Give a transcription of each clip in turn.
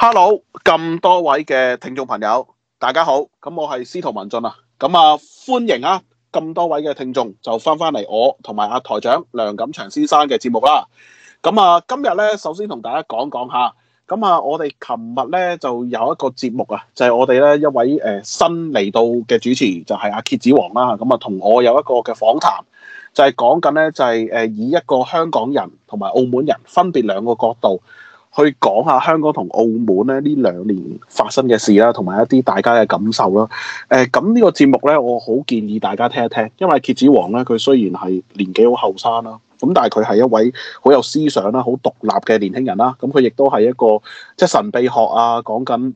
hello，咁多位嘅聽眾朋友，大家好，咁我係司徒文俊啊，咁啊歡迎啊，咁多位嘅聽眾就翻翻嚟我同埋阿台長梁錦祥先生嘅節目啦，咁啊今日咧，首先同大家講講下，咁啊我哋琴日咧就有一個節目啊，就係、是、我哋咧一位誒、呃、新嚟到嘅主持，就係阿蠍子王啦，咁啊同我有一個嘅訪談，就係講緊咧就係、是、誒以一個香港人同埋澳門人分別兩個角度。去講下香港同澳門咧呢兩年發生嘅事啦，同埋一啲大家嘅感受啦。誒、呃，咁呢個節目咧，我好建議大家聽一聽，因為蠍子王咧，佢雖然係年紀好後生啦，咁但係佢係一位好有思想啦、好獨立嘅年輕人啦。咁佢亦都係一個即係、就是、神秘學啊，講緊，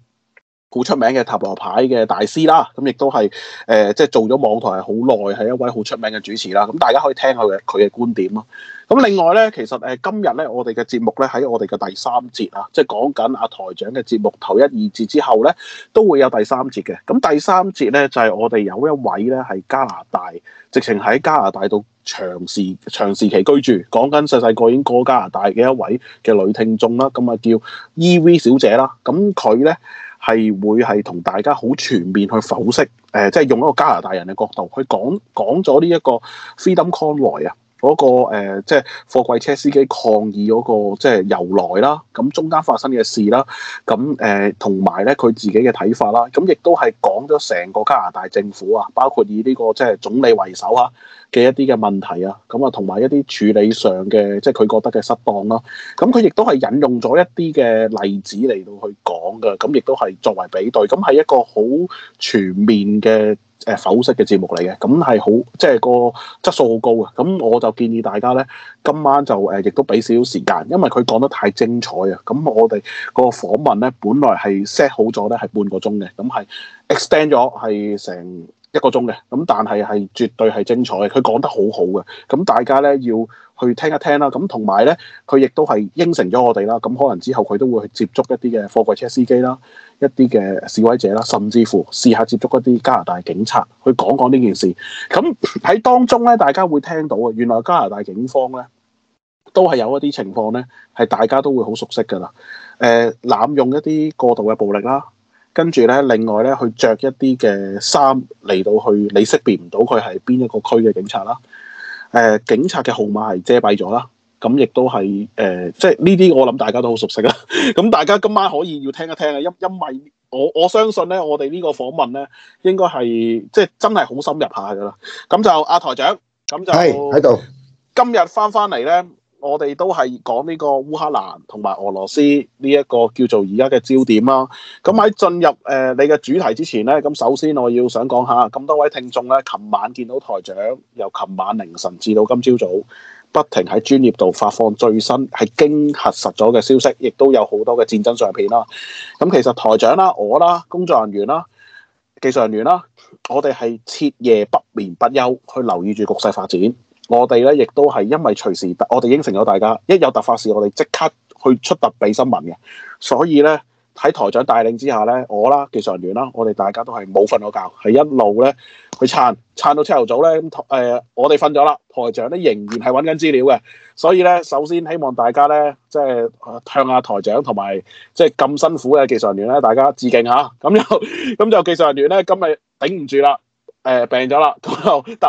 好出名嘅塔羅牌嘅大師啦，咁亦都係誒，即係做咗網台係好耐，係一位好出名嘅主持啦。咁大家可以聽下佢、佢嘅觀點咯。咁另外咧，其實今日咧，我哋嘅節目咧喺我哋嘅第三節啊，即係講緊阿台長嘅節目頭一二節之後咧，都會有第三節嘅。咁第三節咧就係我哋有一位咧係加拿大，直情喺加拿大度長時長時期居住，講緊細細個已經過加拿大嘅一位嘅女聽眾啦。咁啊叫 E.V. 小姐啦，咁佢咧。係會係同大家好全面去剖析，誒、呃，即係用一個加拿大人嘅角度去講講咗呢一個 Freedom Convoy 啊。嗰個誒，即係貨櫃車司機抗議嗰個即係由來啦，咁中間發生嘅事啦，咁誒同埋咧佢自己嘅睇法啦，咁亦都係講咗成個加拿大政府啊，包括以呢個即係總理為首啊嘅一啲嘅問題啊，咁啊同埋一啲處理上嘅即係佢覺得嘅失當啦，咁佢亦都係引用咗一啲嘅例子嚟到去講嘅，咁亦都係作為比對，咁係一個好全面嘅。誒剖析嘅節目嚟嘅，咁係好，即係個質素好高嘅。咁我就建議大家咧，今晚就誒，亦、呃、都俾少少時間，因為佢講得太精彩啊！咁我哋個訪問咧，本來係 set 好咗咧，係半個鐘嘅，咁係 extend 咗，係成一個鐘嘅。咁但係係絕對係精彩，佢講得好好嘅。咁大家咧要，去聽一聽啦，咁同埋咧，佢亦都係應承咗我哋啦。咁可能之後佢都會去接觸一啲嘅貨櫃車司機啦，一啲嘅示威者啦，甚至乎試下接觸一啲加拿大警察，去講講呢件事。咁喺當中咧，大家會聽到啊，原來加拿大警方咧都係有一啲情況咧，係大家都會好熟悉噶啦。誒、呃、濫用一啲過度嘅暴力啦，跟住咧另外咧去着一啲嘅衫嚟到去，你識別唔到佢係邊一個區嘅警察啦。誒、呃、警察嘅號碼係遮蔽咗啦，咁亦都係誒、呃，即係呢啲我諗大家都好熟悉啦。咁大家今晚可以要聽一聽啊，因因為我我相信咧，我哋呢個訪問咧應該係即係真係好深入下噶啦。咁就阿、啊、台長，咁就喺喺度，今日返返嚟咧。我哋都係講呢個烏克蘭同埋俄羅斯呢一個叫做而家嘅焦點啦、啊。咁喺進入誒、呃、你嘅主題之前呢，咁首先我要想講下，咁多位聽眾呢，琴晚見到台長由琴晚凌晨至到今朝早，早，不停喺專業度發放最新係經核實咗嘅消息，亦都有好多嘅戰爭相片啦、啊。咁其實台長啦、啊、我啦、啊、工作人員啦、啊、技術人員啦、啊，我哋係徹夜不眠不休去留意住局勢發展。我哋咧亦都係因為隨時，我哋應承咗大家，一有突發事，我哋即刻去出特備新聞嘅。所以咧喺台長帶領之下咧，我啦，技術人員啦，我哋大家都係冇瞓過覺，係一路咧去撐撐到朝頭早咧咁。誒，我哋瞓咗啦，台長咧仍然係揾緊資料嘅。所以咧，首先希望大家咧即係向下台長同埋即係咁辛苦嘅技術人員咧，大家致敬吓。咁又咁就技術人員咧，今日頂唔住啦。誒，病咗啦，但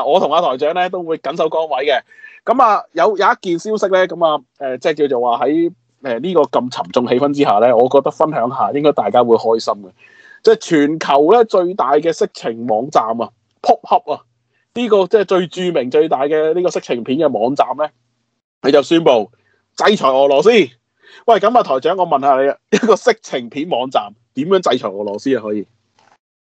係我同阿台長咧都會緊守崗位嘅。咁啊，有有一件消息咧，咁啊，誒、呃，即係叫做話喺誒呢個咁沉重氣氛之下咧，我覺得分享下應該大家會開心嘅。即係全球咧最大嘅色情網站啊，Pornhub 啊，呢個即係最著名最大嘅呢個色情片嘅網站咧，佢就宣布制裁俄羅斯。喂，咁啊，台長，我問下你，啊，一個色情片網站點樣制裁俄羅斯啊？可以？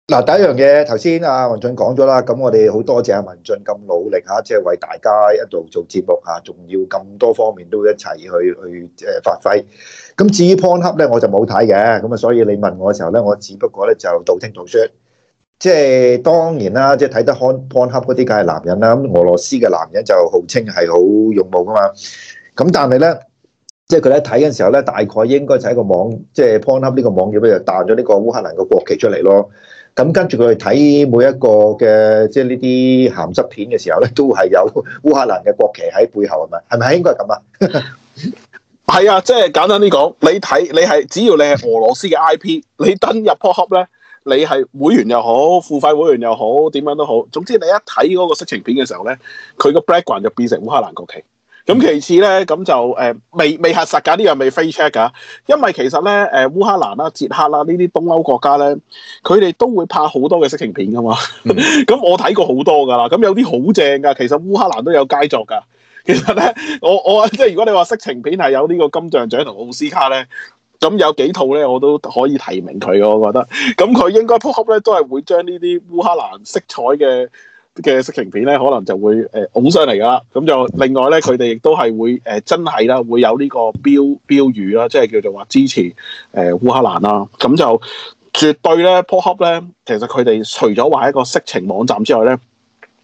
嗱，第一樣嘢，頭先阿文俊講咗啦，咁我哋好多謝阿文俊咁努力吓，即係為大家一路做節目吓，仲要咁多方面都一齊去去誒發揮。咁至於 PornHub 咧，我就冇睇嘅，咁啊，所以你問我嘅時候咧，我只不過咧就道聽途說。即係當然啦，即係睇得 PornHub 嗰啲，梗係男人啦。咁俄羅斯嘅男人就號稱係好勇武噶嘛。咁但係咧，即係佢咧睇嘅時候咧，大概應該就喺個網，即係 PornHub 呢個網頁咧就彈咗呢個烏克蘭嘅國旗出嚟咯。咁跟住佢去睇每一個嘅即係呢啲鹹濕片嘅時候咧，都係有烏克蘭嘅國旗喺背後，係咪？係咪應該係咁啊？係 啊，即係簡單啲講，你睇你係只要你係俄羅斯嘅 IP，你登入 Pornhub 咧，你係會員又好，付費會員又好，點樣都好，總之你一睇嗰個色情片嘅時候咧，佢個 background 就變成烏克蘭國旗。咁其次咧，咁就誒、呃、未未核實㗎，呢、這、樣、個、未 fact check 㗎，因為其實咧，誒烏克蘭啦、捷克啦呢啲東歐國家咧，佢哋都會拍好多嘅色情片㗎嘛。咁、嗯、 我睇過好多㗎啦，咁有啲好正㗎。其實烏克蘭都有佳作㗎。其實咧，我我即係如果你話色情片係有呢個金像獎同奧斯卡咧，咁有幾套咧，我都可以提名佢嘅。我覺得，咁佢應該 book up 咧，都係會將呢啲烏克蘭色彩嘅。嘅色情片咧，可能就會誒㧬、呃、上嚟噶啦。咁就另外咧，佢哋亦都係會誒、呃、真係啦，會有呢個標標語啦，即係叫做話支持誒烏、呃、克蘭啦、啊。咁就絕對咧 PornHub 咧，其實佢哋除咗話一個色情網站之外咧，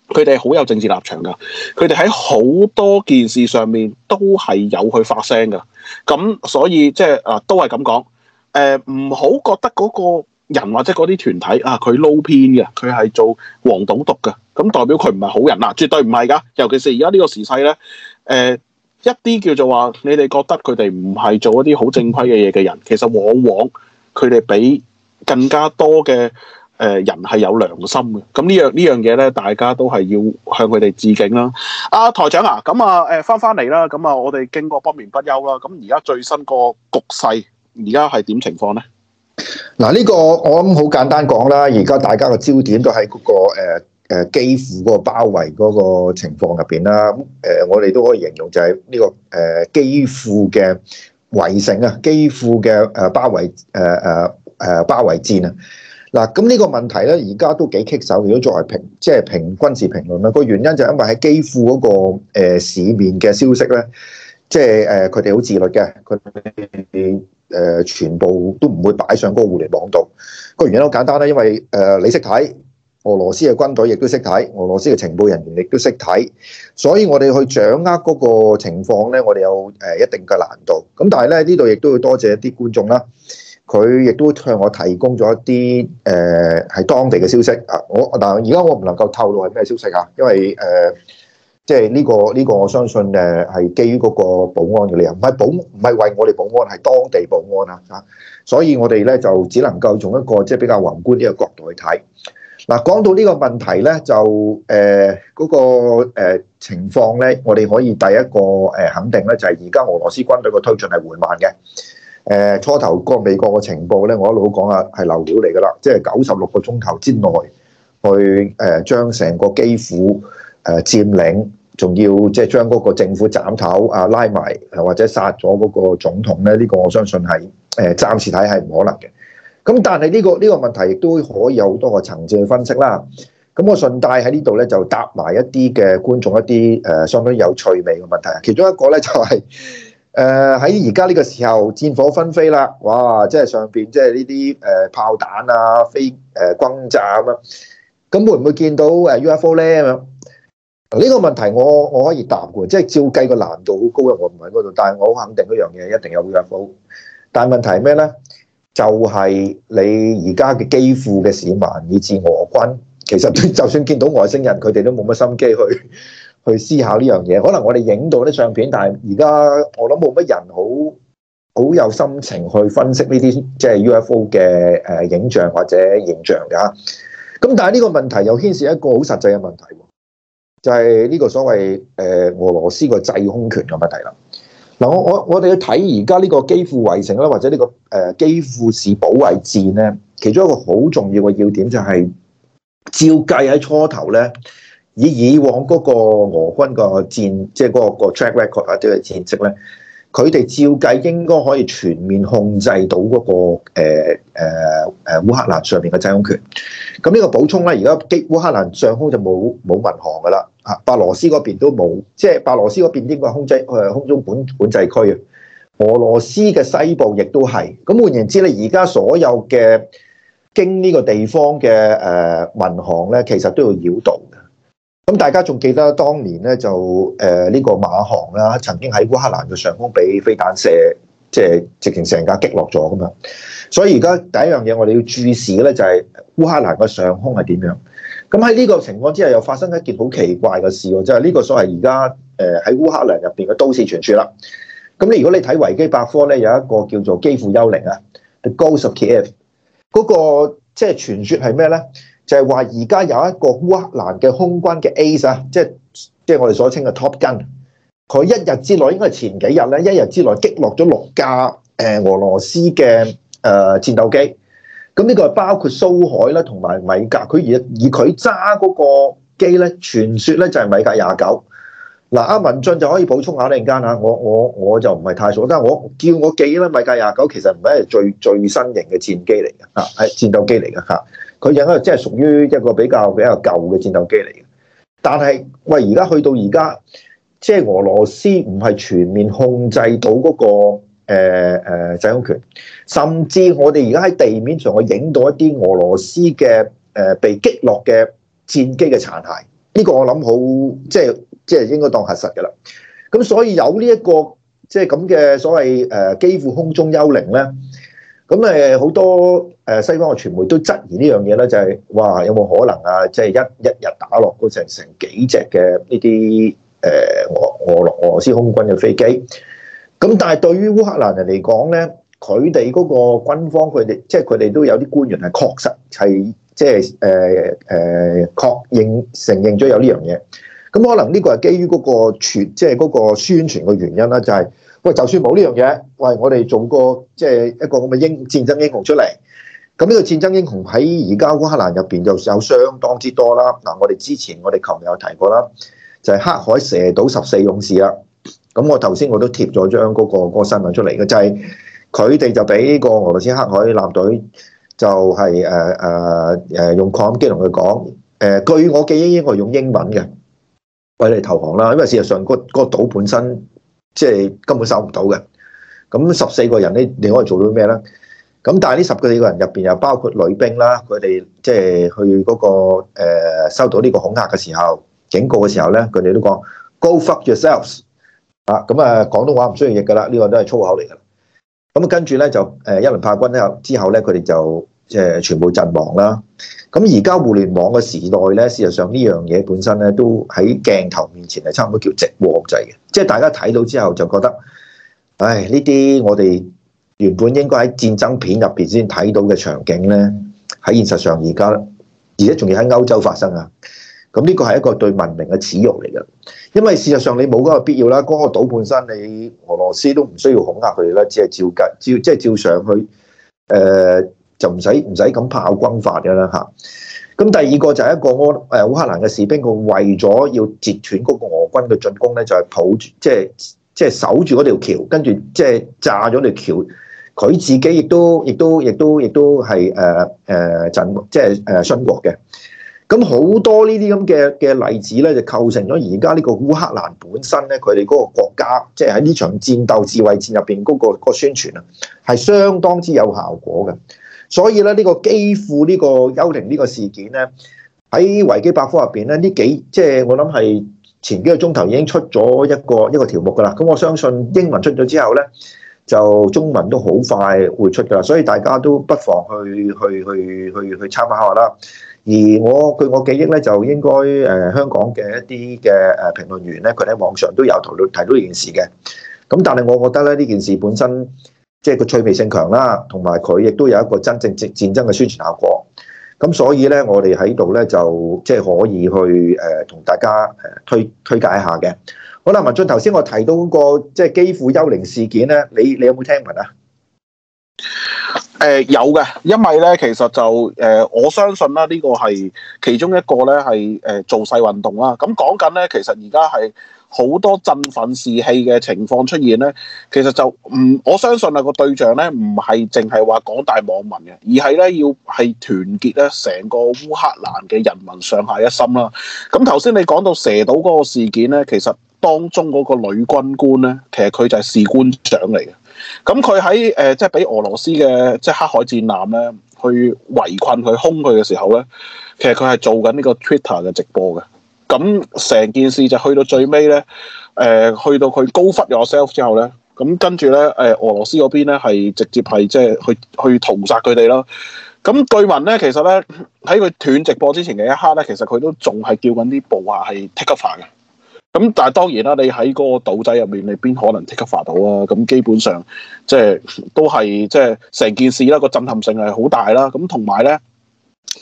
佢哋好有政治立場噶。佢哋喺好多件事上面都係有去發聲噶。咁所以即係啊，都係咁講。誒、呃，唔好覺得嗰、那個，人或者嗰啲團體啊，佢撈偏嘅，佢係做黃賭毒嘅，咁代表佢唔係好人啦、啊，絕對唔係㗎。尤其是而家呢個時勢咧，誒、呃、一啲叫做話，你哋覺得佢哋唔係做一啲好正規嘅嘢嘅人，其實往往佢哋比更加多嘅誒人係有良心嘅。咁呢樣呢樣嘢咧，大家都係要向佢哋致敬啦。啊，台長啊，咁啊誒返返嚟啦，咁啊我哋經過不眠不休啦，咁而家最新個局勢而家係點情況咧？嗱，呢個我諗好簡單講啦，而家大家個焦點都喺嗰個誒誒，基輔嗰個包圍嗰個情況入邊啦。誒，我哋都可以形容就係呢個誒基輔嘅圍城啊，基輔嘅誒包圍誒誒誒包圍戰啊。嗱，咁呢個問題咧，而家都幾棘手。如果作為評，即係評軍事評論啦，個原因就是因為喺基輔嗰個誒市面嘅消息咧，即係誒，佢哋好自律嘅，佢哋。誒全部都唔會擺上嗰個互聯網度，個原因好簡單啦，因為誒你識睇，俄羅斯嘅軍隊亦都識睇，俄羅斯嘅情報人員亦都識睇，所以我哋去掌握嗰個情況呢，我哋有誒一定嘅難度。咁但係咧，呢度亦都要多謝一啲觀眾啦，佢亦都向我提供咗一啲誒係當地嘅消息啊！我但係而家我唔能夠透露係咩消息啊，因為誒。即係呢個呢個，這個、我相信誒係基於嗰個保安嘅理由唔係，唔係保唔係為我哋保安，係當地保安啊！啊，所以我哋咧就只能夠從一個即係比較宏觀呢個角度去睇。嗱，講到呢個問題咧，就誒嗰、呃那個、呃、情況咧，我哋可以第一個誒肯定咧，就係而家俄羅斯軍隊嘅推進係緩慢嘅。誒、呃、初頭個美國嘅情報咧，我一路都講啊，係流料嚟㗎啦，即係九十六個鐘頭之內去誒將成個基輔誒佔領。仲要即將嗰個政府斬頭啊，拉埋，或者殺咗嗰個總統咧？呢、這個我相信係誒暫時睇係唔可能嘅。咁但係呢、這個呢、這個問題亦都可以有好多個層次去分析啦。咁我順帶喺呢度咧就答埋一啲嘅觀眾一啲相當有趣味嘅問題。其中一個咧就係喺而家呢個時候戰火分飛啦，哇！即、就、係、是、上面，即係呢啲炮彈啊、飛誒轟炸咁樣，咁會唔會見到 UFO 咧咁呢個問題我我可以答即係照計，個難度好高啊！我唔喺嗰度，但係我好肯定嗰樣嘢一定有 UFO。但係問題係咩呢？就係你而家嘅基輔嘅市民以至俄軍，其實就算見到外星人，佢哋都冇乜心機去去思考呢樣嘢。可能我哋影到啲相片，但係而家我諗冇乜人好好有心情去分析呢啲即係 UFO 嘅誒影像或者形象嘅。咁但係呢個問題又牽涉一個好實際嘅問題。就係、是、呢個所謂誒俄羅斯個制空權嘅問題啦。嗱，我我我哋要睇而家呢個基輔圍城啦，或者呢個誒基輔市保衛戰咧，其中一個好重要嘅要點就係，照計喺初頭咧，以以往嗰個俄軍個戰，即係嗰個個 track record 啊，啲嘅戰績咧。佢哋照計應該可以全面控制到嗰個誒誒誒烏克蘭上面嘅制空權。咁呢個補充咧，而家烏克蘭上空就冇冇民航噶啦，啊，白羅斯嗰邊都冇，即係白羅斯嗰邊應該控制誒空中管管制區啊。俄羅斯嘅西部亦都係。咁換言之咧，而家所有嘅經呢個地方嘅誒民航咧，其實都要繞道咁大家仲記得當年咧就誒呢、呃這個馬航啦、啊，曾經喺烏克蘭嘅上空俾飛彈射，即、就、係、是、直情成架擊落咗咁嘛。所以而家第一樣嘢我哋要注視咧就係烏克蘭嘅上空係點樣。咁喺呢個情況之下，又發生一件好奇怪嘅事，就係、是、呢個所謂而家誒喺烏克蘭入邊嘅都市傳說啦。咁你如果你睇維基百科咧，有一個叫做基輔幽靈啊，Ghost of Kiev，嗰、那個即係傳說係咩咧？就是就係話而家有一個烏克蘭嘅空軍嘅 ACE 啊，即係即係我哋所稱嘅 Top Gun。佢一日之內應該係前幾日咧，一日之內擊落咗六架誒俄羅斯嘅誒戰鬥機。咁呢個係包括蘇愷啦，同埋米格。佢而而佢揸嗰個機咧，傳說咧就係米格廿九。嗱，阿文俊就可以補充一下咧，陣間我我我就唔係太熟，但我叫我記咧，米格廿九其實唔係最最新型嘅戰機嚟嘅啊，係戰鬥機嚟嘅嚇。佢影嗰個即係屬於一個比較比較舊嘅戰鬥機嚟嘅，但係喂而家去到而家，即係俄羅斯唔係全面控制到嗰、那個誒、呃呃、制空權，甚至我哋而家喺地面上去影到一啲俄羅斯嘅誒、呃、被擊落嘅戰機嘅殘骸，呢、這個我諗好即係即係應該當核實嘅啦。咁所以有呢、這、一個即係咁嘅所謂誒、呃、基輔空中幽靈咧，咁誒好多。誒西方嘅傳媒都質疑呢樣嘢咧，就係哇有冇可能啊？即係一一日打落嗰成成幾隻嘅呢啲誒俄俄羅俄羅斯空軍嘅飛機。咁但係對於烏克蘭人嚟講咧，佢哋嗰個軍方佢哋即係佢哋都有啲官員係確實係即係誒誒確認承認咗有呢樣嘢。咁可能呢個係基於嗰個傳即係嗰個宣傳嘅原因啦，就係喂就算冇呢樣嘢，喂我哋做個即係一個咁嘅英戰爭英雄出嚟。咁呢個戰爭英雄喺而家烏克蘭入邊就有相當之多啦。嗱，我哋之前我哋琴日有提過啦，就係黑海蛇島十四勇士啦。咁我頭先我都貼咗張嗰個新聞出嚟嘅，就係佢哋就俾個俄羅斯黑海艦隊就係誒誒誒用擴音機同佢講誒，據我記憶應該係用英文嘅，我哋投降啦，因為事實上個個島本身即係根本守唔到嘅。咁十四個人你你可以做到咩咧？咁但係呢十個幾個人入邊又包括女兵啦，佢哋即係去嗰、那個、呃、收到呢個恐嚇嘅時候警告嘅時候咧，佢哋都講 Go fuck yourselves 啊！咁、嗯、啊，廣東話唔需要譯噶啦，呢、這個都係粗口嚟噶。咁、嗯、啊，跟住咧就誒、呃、一輪炮轟之後咧，佢哋就即係、呃、全部陣亡啦。咁而家互聯網嘅時代咧，事實上呢樣嘢本身咧都喺鏡頭面前係差唔多叫直播制嘅，即、就、係、是、大家睇到之後就覺得，唉，呢啲我哋。原本應該喺戰爭片入邊先睇到嘅場景咧，喺現實上而家，而且仲要喺歐洲發生啊！咁呢個係一個對文明嘅恥辱嚟嘅，因為事實上你冇嗰個必要啦，嗰個島本身，你俄羅斯都唔需要恐嚇佢哋啦，只係照計照即係照上去，誒、呃、就唔使唔使咁炮轟法噶啦吓。咁第二個就係一個安誒烏克蘭嘅士兵，佢為咗要截斷嗰個俄軍嘅進攻咧，就係抱住即係即係守住嗰條橋，跟住即係炸咗條橋。佢自己亦都亦都亦都亦都係誒誒，鎮即係誒，殉國嘅。咁、呃、好、呃呃呃、多呢啲咁嘅嘅例子咧，就構成咗而家呢個烏克蘭本身咧，佢哋嗰個國家，即係喺呢場戰鬥自衛戰入邊嗰個、嗰個宣傳啊，係相當之有效果嘅。所以咧，呢、呢個基輔呢個幽靈呢個事件咧，喺維基百科入邊咧，呢幾即係、就是、我諗係前幾個鐘頭已經出咗一個一個條目噶啦。咁我相信英文出咗之後咧。就中文都好快會出㗎喇，所以大家都不妨去去去去去，去參考下啦。而我據我記憶咧，就應該誒香港嘅一啲嘅誒評論員咧，佢喺網上都有提到提到呢件事嘅。咁但係我覺得咧，呢件事本身即係個趣味性強啦，同埋佢亦都有一個真正戰戰爭嘅宣傳效果。咁所以咧，我哋喺度咧就即係可以去誒同大家誒推推介一下嘅。好啦，文俊，頭先我提到嗰、那個即係基輔幽靈事件咧，你你有冇聽聞啊？誒、呃，有嘅，因為咧，其實就誒、呃，我相信啦，呢個係其中一個咧，係誒造勢運動啦。咁、嗯、講緊咧，其實而家係好多振奮士氣嘅情況出現咧。其實就唔，我相信啊，個對象咧唔係淨係話廣大網民嘅，而係咧要係團結咧成個烏克蘭嘅人民上下一心啦。咁頭先你講到蛇島嗰個事件咧，其實。當中嗰個女軍官咧，其實佢就係士官長嚟嘅。咁佢喺誒即係俾俄羅斯嘅即係黑海戰艦咧去圍困佢、轟佢嘅時候咧，其實佢係做緊呢個 Twitter 嘅直播嘅。咁成件事就去到最尾咧，誒、呃、去到佢 go fuck yourself 之後咧，咁跟住咧誒俄羅斯嗰邊咧係直接係即係去去屠殺佢哋咯。咁據聞咧，其實咧喺佢斷直播之前嘅一刻咧，其實佢都仲係叫緊啲部下係 take up 飯嘅。咁但係當然啦，你喺嗰個島仔入面，你邊可能即刻發到啦、啊？咁基本上即係都係即係成件事啦，個震撼性係好大啦。咁同埋咧，誒、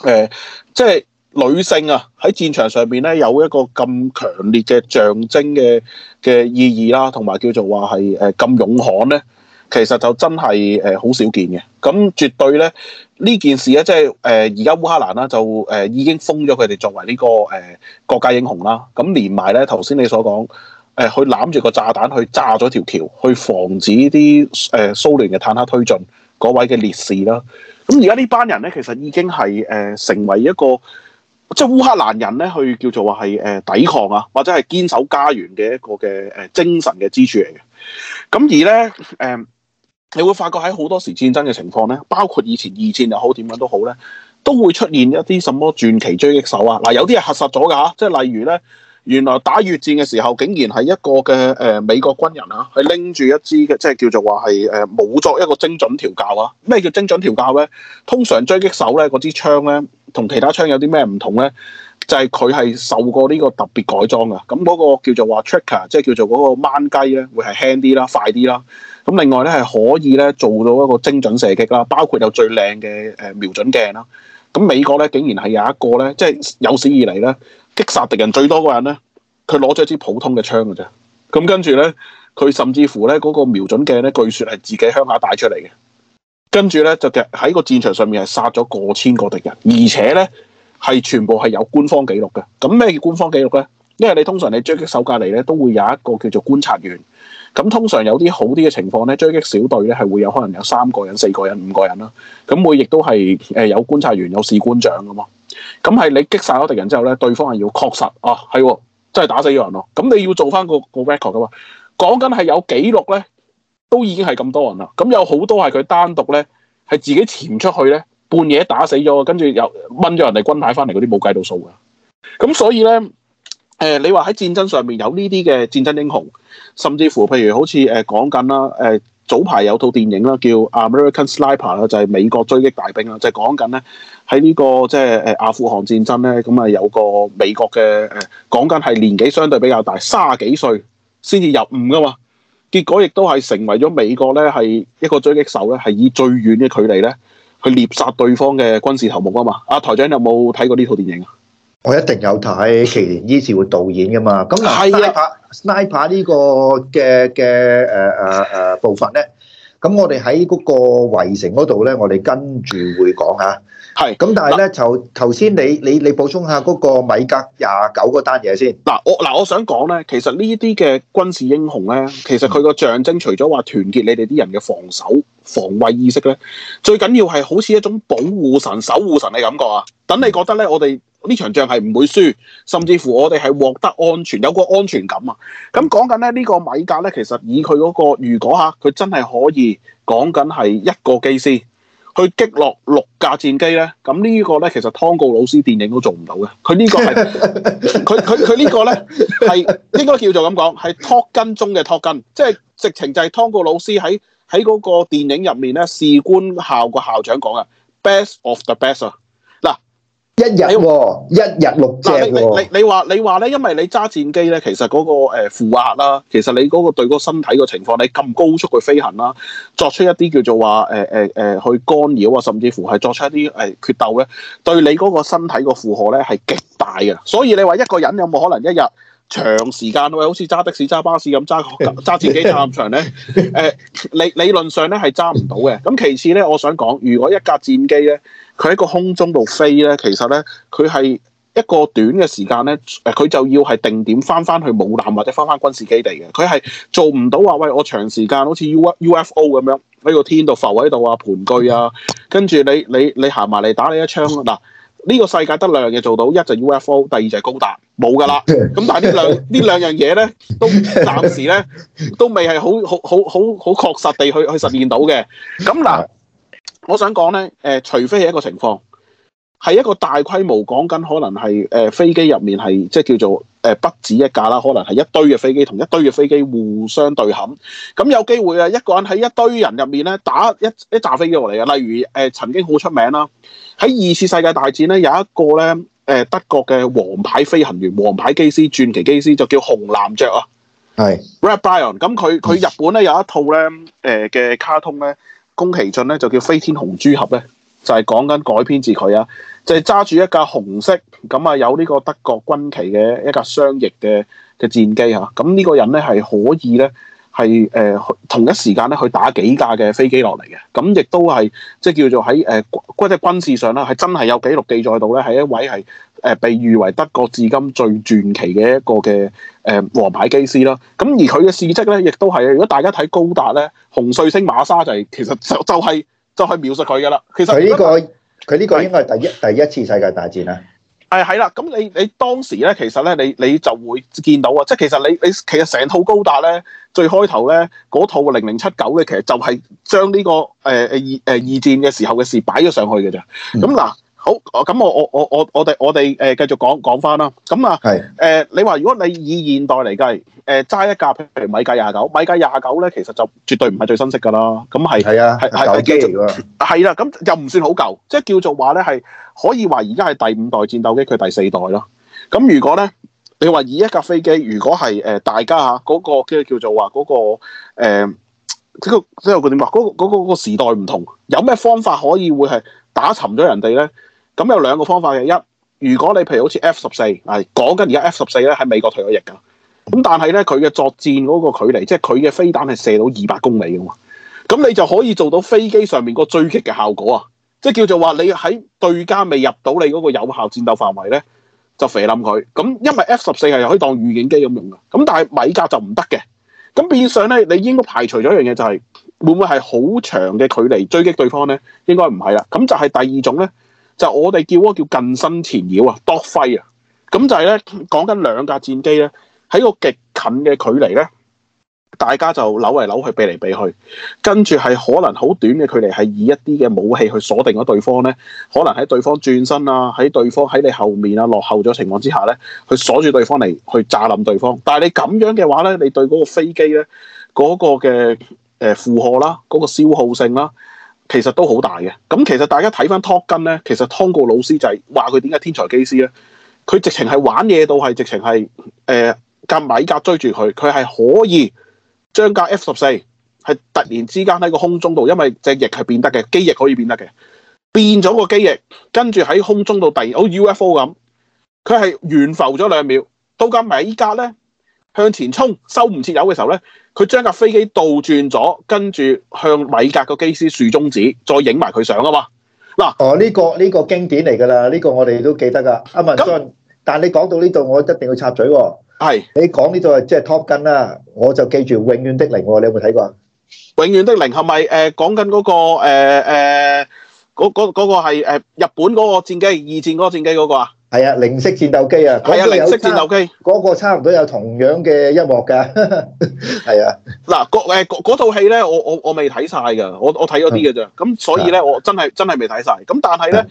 呃、即係女性啊喺戰場上邊咧有一個咁強烈嘅象徵嘅嘅意義啦、啊，同埋叫做話係誒咁勇悍咧，其實就真係誒好少見嘅。咁絕對咧。呢件事咧，即係誒而家烏克蘭啦，就誒、呃、已經封咗佢哋作為呢、這個誒、呃、國家英雄啦。咁、嗯、連埋咧頭先你所講誒、呃，去攬住個炸彈去炸咗條橋，去防止啲誒蘇聯嘅坦克推進嗰位嘅烈士啦。咁而家呢班人咧，其實已經係誒、呃、成為一個即係烏克蘭人咧去叫做話係、呃、抵抗啊，或者係堅守家園嘅一個嘅誒精神嘅支柱嚟嘅。咁、嗯、而咧誒。呃你會發覺喺好多時戰爭嘅情況咧，包括以前二戰又好點樣都好咧，都會出現一啲什麼傳奇狙擊手啊！嗱，有啲係核實咗噶吓，即係例如咧，原來打越戰嘅時候，竟然係一個嘅誒、呃、美國軍人啊，係拎住一支嘅即係叫做話係誒冇作一個精準調教啊！咩叫精準調教咧？通常狙擊手咧嗰支槍咧，同其他槍有啲咩唔同咧？就係佢係受過呢個特別改裝噶，咁嗰個叫做話 trigger 即係叫做嗰個掹雞咧，會係輕啲啦，快啲啦。咁另外咧，係可以咧做到一個精準射擊啦，包括有最靚嘅、呃、瞄準鏡啦。咁美國咧，竟然係有一個咧，即係有史以嚟咧，擊殺敵人最多個人咧，佢攞咗一支普通嘅槍嘅啫。咁跟住咧，佢甚至乎咧嗰個瞄準鏡咧，據說係自己鄉下帶出嚟嘅。跟住咧就喺個戰場上面係殺咗過千個敵人，而且咧係全部係有官方記錄嘅。咁咩叫官方記錄咧？因為你通常你狙擊手隔離咧都會有一個叫做觀察員。咁通常有啲好啲嘅情況咧，追擊小隊咧係會有可能有三個人、四個人、五個人啦。咁每亦都係、呃、有觀察員、有士官長噶嘛。咁係你擊殺咗敵人之後咧，對方係要確實啊，係、哦、真係打死咗人咯。咁你要做翻個 record 噶嘛？講緊係有記錄咧，都已經係咁多人啦。咁有好多係佢單獨咧，係自己潛出去咧，半夜打死咗，跟住又掹咗人哋軍牌翻嚟嗰啲冇計到數噶。咁所以咧。誒、呃，你話喺戰爭上面有呢啲嘅戰爭英雄，甚至乎譬如好似誒講緊啦，誒、呃、早排有套電影啦，叫《American Sniper》啦，就係美國追擊大兵啦，就係講緊咧喺呢個即係誒阿富汗戰爭咧，咁、嗯、啊有個美國嘅誒講緊係年紀相對比較大，卅幾歲先至入伍噶嘛，結果亦都係成為咗美國咧係一個狙擊手咧，係以最遠嘅距離咧去獵殺對方嘅軍事頭目啊嘛。阿、啊、台長有冇睇過呢套電影啊？我一定有睇，奇廉伊是會導演噶嘛？咁啊，sniper sniper 呢個嘅嘅誒誒誒步伐咧，咁我哋喺嗰個圍城嗰度咧，我哋跟住會講下。係咁，但係咧，就頭先你你你補充下嗰個米格廿九嗰單嘢先。嗱，我嗱，我想講咧，其實呢啲嘅軍事英雄咧，其實佢個象徵，除咗話團結你哋啲人嘅防守防衛意識咧，最緊要係好似一種保護神、守護神嘅感覺啊。等你覺得咧，我哋。呢場仗係唔會輸，甚至乎我哋係獲得安全，有個安全感啊！咁講緊咧，呢、這個米格咧，其實以佢嗰、那個如果嚇、啊，佢真係可以講緊係一個機師去擊落六架戰機咧。咁呢一個咧，其實湯告老師電影都做唔到嘅。佢 呢個係佢佢佢呢個咧係應該叫做咁講係 Top Gun 中 talking,」嘅 Top Gun」，即係直情就係湯告老師喺喺嗰個電影入面咧，士官校個校長講嘅 Best of the best 啊！一日一日六隻。你、哦、你話你話咧，因為你揸戰機咧，其實嗰個誒負壓啦，其實你嗰個對個身體嘅情況，你咁高速去飛行啦，作出一啲叫做話誒誒誒去干擾啊，甚至乎係作出一啲誒決鬥咧，對你嗰個身體個負荷咧係極大嘅。所以你話一個人有冇可能一日長時間喂，好似揸的士揸巴士咁揸揸戰機揸咁長咧？誒、 呃，你理論上咧係揸唔到嘅。咁其次咧，我想講，如果一架戰機咧。佢喺個空中度飛咧，其實咧，佢係一個短嘅時間咧，誒，佢就要係定點返返去母艦或者返返軍事基地嘅。佢係做唔到話，喂，我長時間好似 U U F O 咁樣喺個天度浮喺度啊，盤踞啊，跟住你你你行埋嚟打你一槍啦。嗱，呢、呢個世界得兩樣嘢做到，一就 U F O，第二就係高達，冇噶啦。咁但係 呢兩呢兩樣嘢咧，都暫時咧都未係好好好好好確實地去去實現到嘅。咁嗱。我想講咧，誒，除非係一個情況，係一個大規模講緊，可能係誒飛機入面係即係叫做誒不止一架啦，可能係一堆嘅飛機同一堆嘅飛機互相對冚，咁有機會啊，一個人喺一堆人入面咧打一一架飛機落嚟啊！例如誒、呃，曾經好出名啦，喺二次世界大戰咧有一個咧誒、呃、德國嘅王牌飛行員、王牌機師、傳奇機師就叫紅男爵啊，係 Red Baron。咁佢佢日本咧有一套咧誒嘅卡通咧。宮崎駿咧就叫飛天紅豬俠咧，就係講緊改編自佢啊，就係揸住一架紅色咁啊有呢個德國軍旗嘅一架雙翼嘅嘅戰機吓，咁呢個人咧係可以咧係誒同一時間咧去打幾架嘅飛機落嚟嘅，咁亦都係即係叫做喺誒、呃、軍事上啦，係真係有記錄記載到咧係一位係。誒，被譽為德國至今最傳奇嘅一個嘅誒、呃、王牌機師啦。咁而佢嘅事蹟咧，亦都係如果大家睇高達咧，紅彗星馬莎就係、係、其實就係、就係就係描述佢噶啦。其實佢呢、呢個佢呢個應該係第一第一次世界大戰啊。誒係啦，咁你你當時咧，其實咧，你你就會見到啊，即係其實你你其實成套高達咧，最開頭咧嗰套零零七九嘅，其實就係將呢、呢個誒誒二誒二戰嘅時候嘅事擺咗上去嘅咋。咁、嗯、嗱。好，咁我我我我我哋我哋誒繼續講講翻啦。咁啊、嗯呃，你話如果你以現代嚟計，誒、呃、揸一架譬如米格廿九，米格廿九咧，其實就絕對唔係最新式噶啦。咁係係啊，係係係啦，咁又唔算好舊，即係叫做話咧係可以話而家係第五代戰鬥機，佢第四代咯。咁如果咧，你話以一架飛機，如果係、呃、大家嗰、嗰個叫做話嗰、嗰個即係即嗰點啊，嗰嗰嗰個時代唔同，有咩方法可以會係打沉咗人哋咧？咁有兩個方法嘅，一如果你譬如好似 F 十四，講緊而家 F 十四咧喺美國退咗役噶，咁但係咧佢嘅作戰嗰個距離，即係佢嘅飛彈係射到二百公里噶嘛，咁你就可以做到飛機上面個追擊嘅效果啊！即係叫做話你喺對家未入到你嗰個有效戰鬥範圍咧，就肥冧佢。咁因為 F 十四係可以當預警機咁用噶，咁但係米格就唔得嘅。咁變相咧，你應該排除咗一樣嘢，就是，就係會唔會係好長嘅距離追擊對方咧？應該唔係啦。咁就係第二種咧。就我哋叫嗰叫近身纏繞啊，Dogfight 啊，咁就係咧講緊兩架戰機咧，喺個極近嘅距離咧，大家就扭嚟扭去，避嚟避去，跟住係可能好短嘅距離，係以一啲嘅武器去鎖定咗對方咧，可能喺對方轉身啊，喺對方喺你後面啊，落後咗情況之下咧，去鎖住對方嚟去炸冧對方。但係你咁樣嘅話咧，你對嗰個飛機咧嗰、嗰個嘅誒、呃、負荷啦、啊，嗰、嗰個消耗性啦、啊。其實都好大嘅咁，其實大家睇翻 Top Gun 咧，其實湯告魯斯就係話佢點解天才機師咧？佢直情係玩嘢到係直情係誒，架米格追住佢，佢係可以將架 F 十四係突然之間喺個空中度，因為隻翼係變得嘅機翼可以變得嘅變咗個機翼，跟住喺空中度突然好 UFO 咁，佢係懸浮咗兩秒到，架米格家咧。向前衝，收唔切油嘅時候咧，佢將架飛機倒轉咗，跟住向米格個機師豎中指，再影埋佢相啊嘛！嗱，哦呢個呢個經典嚟㗎啦，呢個我哋都記得㗎。阿文俊，但係你講到呢度，我一定要插嘴喎、哦。係你講呢度係即係 Top Gun 啦，我就記住永遠的零、哦。你有冇睇過永遠的零，係咪誒講緊、那、嗰個誒誒嗰嗰個係、呃、日本嗰個戰機二戰嗰個戰機嗰個啊？係啊，零式戰鬥機啊，係啊、那個，零式戰鬥機嗰、那個差唔多有同樣嘅音樂噶，係 啊。嗱，嗰誒套戲咧，我我我未睇晒噶，我我睇咗啲嘅咋，咁、嗯、所以咧、嗯，我真係真係未睇晒。咁但係咧、嗯，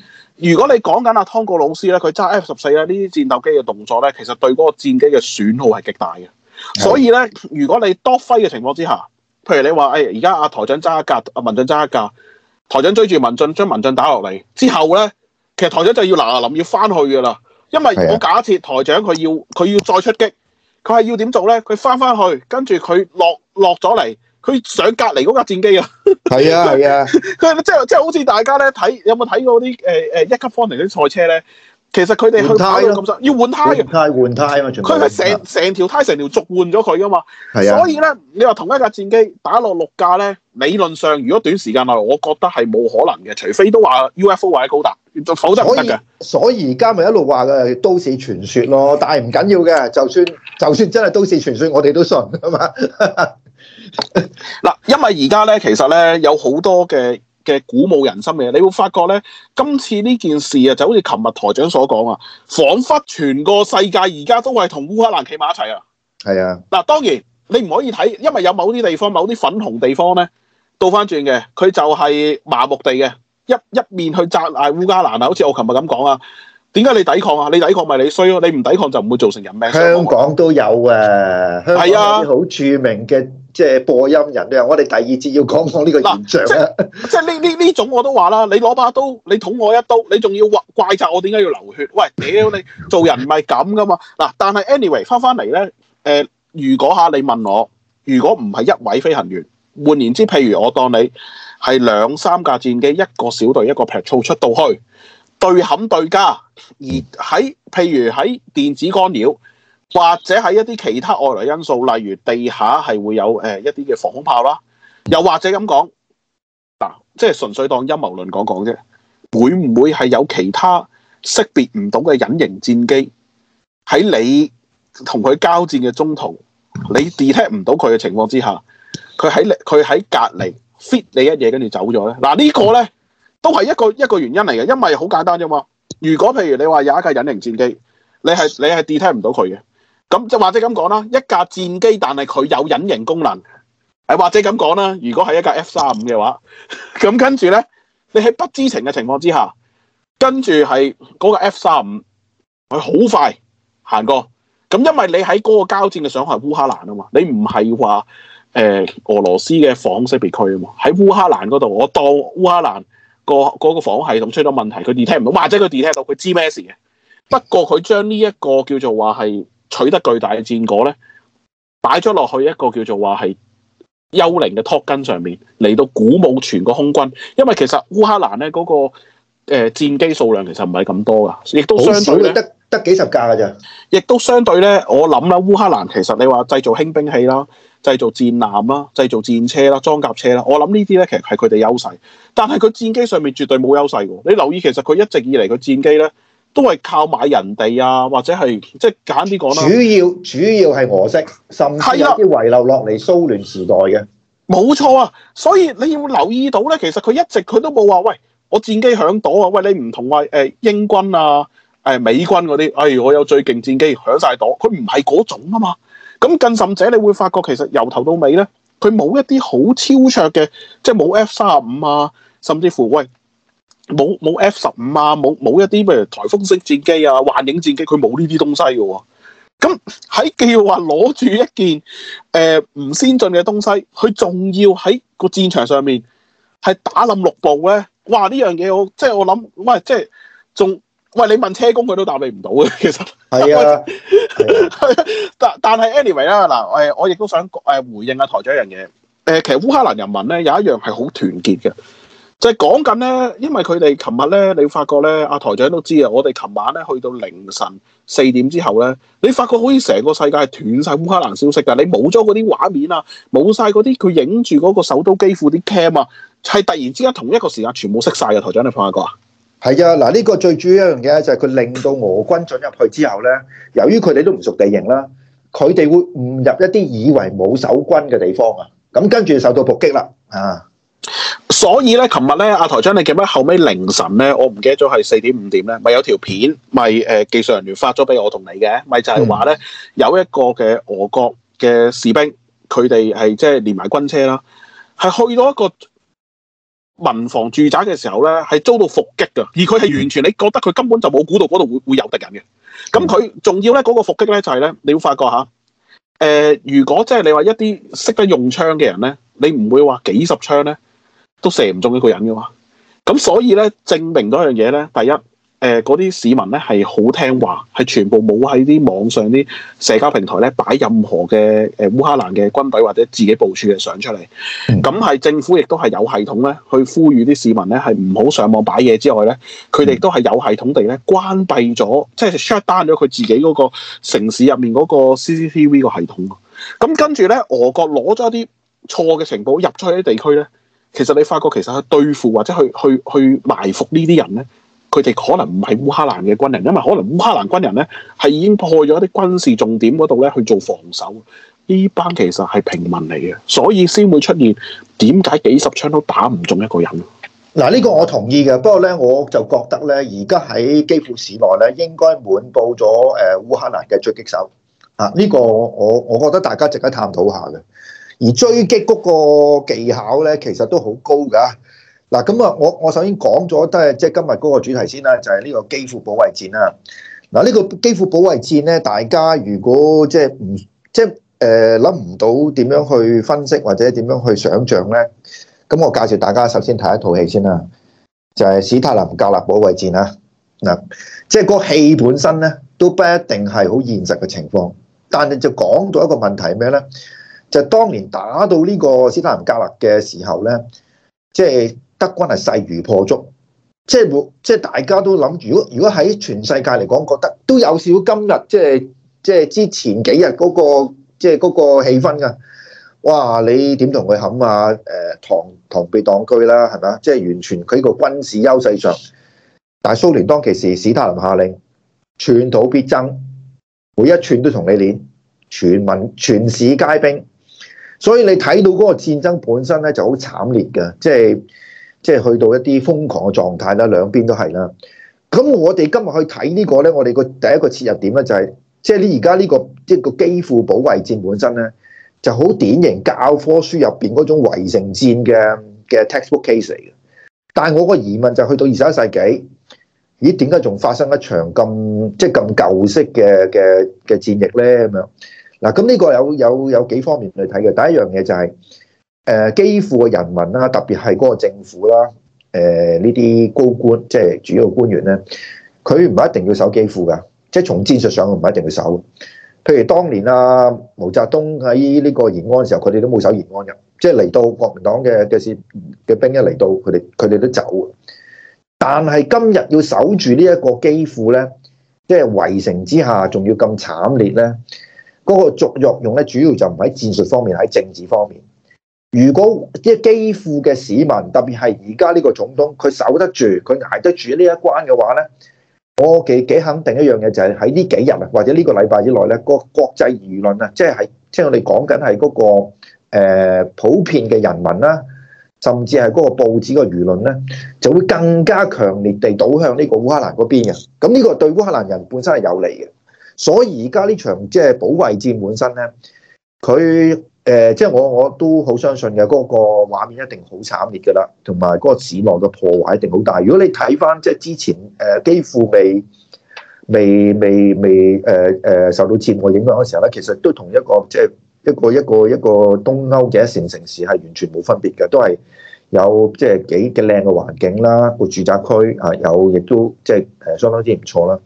如果你講緊阿湯哥老師咧，佢揸 F 十四咧呢啲戰鬥機嘅動作咧，其實對嗰個戰機嘅損耗係極大嘅、嗯。所以咧，如果你多揮嘅情況之下，譬如你話誒而家阿台長揸一架，阿文進揸一架，台長追住文進將文進打落嚟之後咧。其實台長就要嗱嗱臨要翻去噶啦，因為我假設台長佢要佢要再出擊，佢係要點做咧？佢翻翻去，跟住佢落落咗嚟，佢上隔籬嗰架戰機咯。係啊係啊，佢即係即係好似大家咧睇有冇睇過啲誒誒一級方程式賽車咧？其實佢哋去跑到咁塞，要換胎，換胎，換胎啊嘛！佢咪成成條胎成條逐換咗佢噶嘛？係啊，所以咧你話同一架戰機打落六架咧，理論上如果短時間內，我覺得係冇可能嘅，除非都話 UFO 或者高達。否則的所以，所以而家咪一路話嘅都市傳說咯，但係唔緊要嘅，就算就算真係都市傳說，我哋都信，係嘛？嗱， 因為而家咧，其實咧有好多嘅嘅鼓舞人心嘅，你會發覺咧，今次呢件事啊，就好似琴日台長所講啊，仿佛全個世界而家都係同烏克蘭企埋一齊啊。係啊。嗱，當然你唔可以睇，因為有某啲地方，某啲粉紅地方咧，倒翻轉嘅，佢就係麻木地嘅。一一面去責罵烏加蘭啊，好似我琴日咁講啊，點解你抵抗啊？你抵抗咪你衰咯，你唔抵抗就唔會造成人命。香港都有啊，係啊，好著名嘅即係播音人啊！我哋第二節要講講呢個現象啊，即係呢呢呢種我都話啦，你攞把刀，你捅我一刀，你仲要話怪責我點解要流血？喂，屌你，你，你！做人唔係咁噶嘛。嗱，但係 anyway 翻翻嚟咧，誒，如果下你問我，如果唔係一位飛行員？換言之，譬如我當你係兩三架戰機，一個小隊，一個 patrol 出到去對冚對家，而喺譬如喺電子干擾或者喺一啲其他外來因素，例如地下係會有誒一啲嘅防空炮啦，又或者咁講嗱，即係純粹當陰謀論講講啫，會唔會係有其他識別唔到嘅隱形戰機喺你同佢交戰嘅中途，你 detect 唔到佢嘅情況之下？佢喺佢喺隔離 fit 你一嘢，跟住走咗咧。嗱、啊這個、呢個咧都係一個一個原因嚟嘅，因為好簡單啫嘛。如果譬如你話有一架隱形戰機，你係你係 detect 唔到佢嘅，咁就或者咁講啦。一架戰機，但係佢有隱形功能，誒、啊、或者咁講啦。如果係一架 F 三五嘅話，咁跟住咧，你喺不知情嘅情況之下，跟住係嗰個 F 三五佢好快行過，咁因為你喺嗰個交戰嘅場合係烏克蘭啊嘛，你唔係話。誒、呃、俄羅斯嘅防空識別區啊嘛，喺烏克蘭嗰度，我當烏克蘭個個個防空系統出咗問題，佢 detect 唔到，或者佢 detect 到，佢知咩事嘅？不過佢將呢一個叫做話係取得巨大嘅戰果咧，擺咗落去一個叫做話係幽靈嘅托根上面，嚟到鼓舞全個空軍，因為其實烏克蘭咧嗰、那個誒、呃、戰機數量其實唔係咁多噶，亦都相對得幾十架噶咋？亦都相對咧，我諗啦，烏克蘭其實你話製造輕兵器啦、製造戰艦啦、製造戰車啦、裝甲車啦，我諗呢啲咧其實係佢哋優勢。但係佢戰機上面絕對冇優勢嘅。你留意，其實佢一直以嚟嘅戰機咧都係靠買人哋啊，或者係即係簡啲講啦。主要主要係俄式，甚至有啲遺留落嚟蘇聯時代嘅、啊。冇錯啊，所以你要留意到咧，其實佢一直佢都冇話喂，我戰機響度啊！喂，你唔同話、啊、誒、欸、英軍啊？誒、哎、美軍嗰啲，誒、哎、我有最勁戰機，響晒度，佢唔係嗰種啊嘛。咁更甚者，你會發覺其實由頭到尾咧，佢冇一啲好超卓嘅，即係冇 F 三十五啊，甚至乎喂，冇冇 F 十五啊，冇冇一啲譬如颱風式戰機啊、幻影戰機，佢冇呢啲東西嘅喎、啊。咁喺叫話攞住一件誒唔、呃、先進嘅東西，佢仲要喺個戰場上面係打冧六部咧，哇！呢樣嘢我即係我諗，喂，即係仲。喂，你問車工佢都答你唔到嘅，其實啊， 啊啊 但但係 anyway 啦，嗱我亦都想回應阿台長一樣嘢。其實烏克蘭人民咧有一樣係好團結嘅，就係講緊咧，因為佢哋琴日咧，你發覺咧，阿台長都知啊，我哋琴晚咧去到凌晨四點之後咧，你發覺好似成個世界係斷晒烏克蘭消息㗎，你冇咗嗰啲畫面啊，冇晒嗰啲佢影住嗰個首都基輔啲 cam 啊，係突然之間同一個時間全部熄晒嘅。台長，你有冇發覺啊？係啊，嗱、這、呢個最主要一樣嘢，就係佢令到俄軍進入去之後咧，由於佢哋都唔熟地形啦，佢哋會誤入一啲以為冇守軍嘅地方啊，咁跟住受到伏擊啦啊！所以咧，琴日咧，阿台長你記唔記得後尾凌晨咧，我唔記得咗係四點五點咧，咪有條片咪誒、呃、技術人員發咗俾我同你嘅，咪就係話咧，有一個嘅俄國嘅士兵，佢哋係即係連埋軍車啦，係去到一個。民房住宅嘅時候咧，係遭到伏擊噶，而佢係完全你覺得佢根本就冇估到嗰度會會有敵人嘅，咁佢仲要咧嗰個伏擊咧就係、是、咧，你會發覺吓，誒、呃，如果即係你話一啲識得用槍嘅人咧，你唔會話幾十槍咧都射唔中一個人噶嘛，咁所以咧證明嗰樣嘢咧，第一。誒嗰啲市民咧係好聽話，係全部冇喺啲網上啲社交平台咧擺任何嘅誒、呃、烏克蘭嘅軍隊或者自己部署嘅相出嚟。咁、嗯、係政府亦都係有系統咧去呼籲啲市民咧係唔好上網擺嘢之外咧，佢哋亦都係有系統地咧關閉咗即係、就是、shut down 咗佢自己嗰個城市入面嗰個 CCTV 個系統。咁跟住咧，俄國攞咗一啲錯嘅情報入咗去啲地區咧，其實你發覺其實去對付或者去去去埋伏呢啲人咧。佢哋可能唔係烏克蘭嘅軍人，因為可能烏克蘭軍人呢係已經破咗啲軍事重點嗰度咧去做防守。呢班其實係平民嚟嘅，所以先會出現點解幾十槍都打唔中一個人。嗱，呢個我同意嘅，不過呢，我就覺得呢而家喺基輔市內咧應該滿布咗誒烏克蘭嘅狙擊手啊！呢個我我覺得大家值得探討下嘅，而狙擊嗰個技巧呢，其實都好高噶、啊。嗱咁啊，我我首先講咗都係即係今日嗰個主題先啦，就係呢個基輔保衛戰啦。嗱，呢個基輔保衛戰咧，大家如果即係唔即係誒諗唔到點樣去分析或者點樣去想象咧，咁我介紹大家首先睇一套戲先啦，就係史塔林格勒保衛戰啦。嗱，即係嗰戲本身咧都不一定係好現實嘅情況，但係就講到一個問題咩咧？就係當年打到呢個斯塔林格勒嘅時候咧，即係。德軍係勢如破竹，即係即係大家都諗，如果如果喺全世界嚟講，覺得都有少少今日，即係即係之前幾日嗰、那個即係嗰個氣氛噶。哇！你點同佢冚啊？誒、呃，螳螳臂擋車啦，係咪？即係完全佢個軍事優勢上。但係蘇聯當其時，史塔林下令寸土必爭，每一寸都同你攣，全民全市皆兵。所以你睇到嗰個戰爭本身咧就好慘烈嘅，即係。即係去到一啲瘋狂嘅狀態啦，兩邊都係啦。咁我哋今日去睇呢個咧，我哋個第一個切入點咧就係、是，即係你而家呢個即係個基輔保衛戰本身咧，就好典型教科書入邊嗰種圍城戰嘅嘅 textbook case 嚟嘅。但係我個疑問就係去到二十一世紀，咦？點解仲發生一場咁即係咁舊式嘅嘅嘅戰役咧？咁樣嗱，咁呢個有有有幾方面去睇嘅。第一樣嘢就係、是。誒基輔嘅人民啦，特別係嗰個政府啦，誒呢啲高官，即係主要官員咧，佢唔係一定要守基輔㗎，即係從戰術上唔係一定要守。譬如當年啊，毛澤東喺呢個延安嘅時候，佢哋都冇守延安㗎，即係嚟到國民黨嘅嘅士嘅兵一嚟到，佢哋佢哋都走。但係今日要守住呢一個基輔咧，即係圍城之下仲要咁慘烈咧，嗰個作用咧，主要就唔喺戰術方面，喺政治方面。如果即係基輔嘅市民，特別係而家呢個總統，佢守得住，佢捱得住呢一關嘅話呢，我哋幾肯定一樣嘢就係喺呢幾日啊，或者呢個禮拜之內，呢個國際輿論啊，即係係即係我哋講緊係嗰個、呃、普遍嘅人民啦，甚至係嗰個報紙嘅輿論呢就會更加強烈地倒向呢個烏克蘭嗰邊嘅。咁呢個對烏克蘭人本身係有利嘅。所以而家呢場即係、就是、保衛戰本身呢佢。誒、就是，即係我我都好相信嘅，嗰、那個畫面一定好慘烈噶啦，同埋嗰個市況嘅破壞一定好大。如果你睇翻即係之前誒，幾乎未未未未誒誒受到戰火影響嘅時候咧，其實都同一個即係、就是、一個一個一個東歐嘅一線城，城市係完全冇分別嘅，都係有即係幾嘅靚嘅環境啦，個住宅區啊，有亦都即係誒相當之唔錯啦。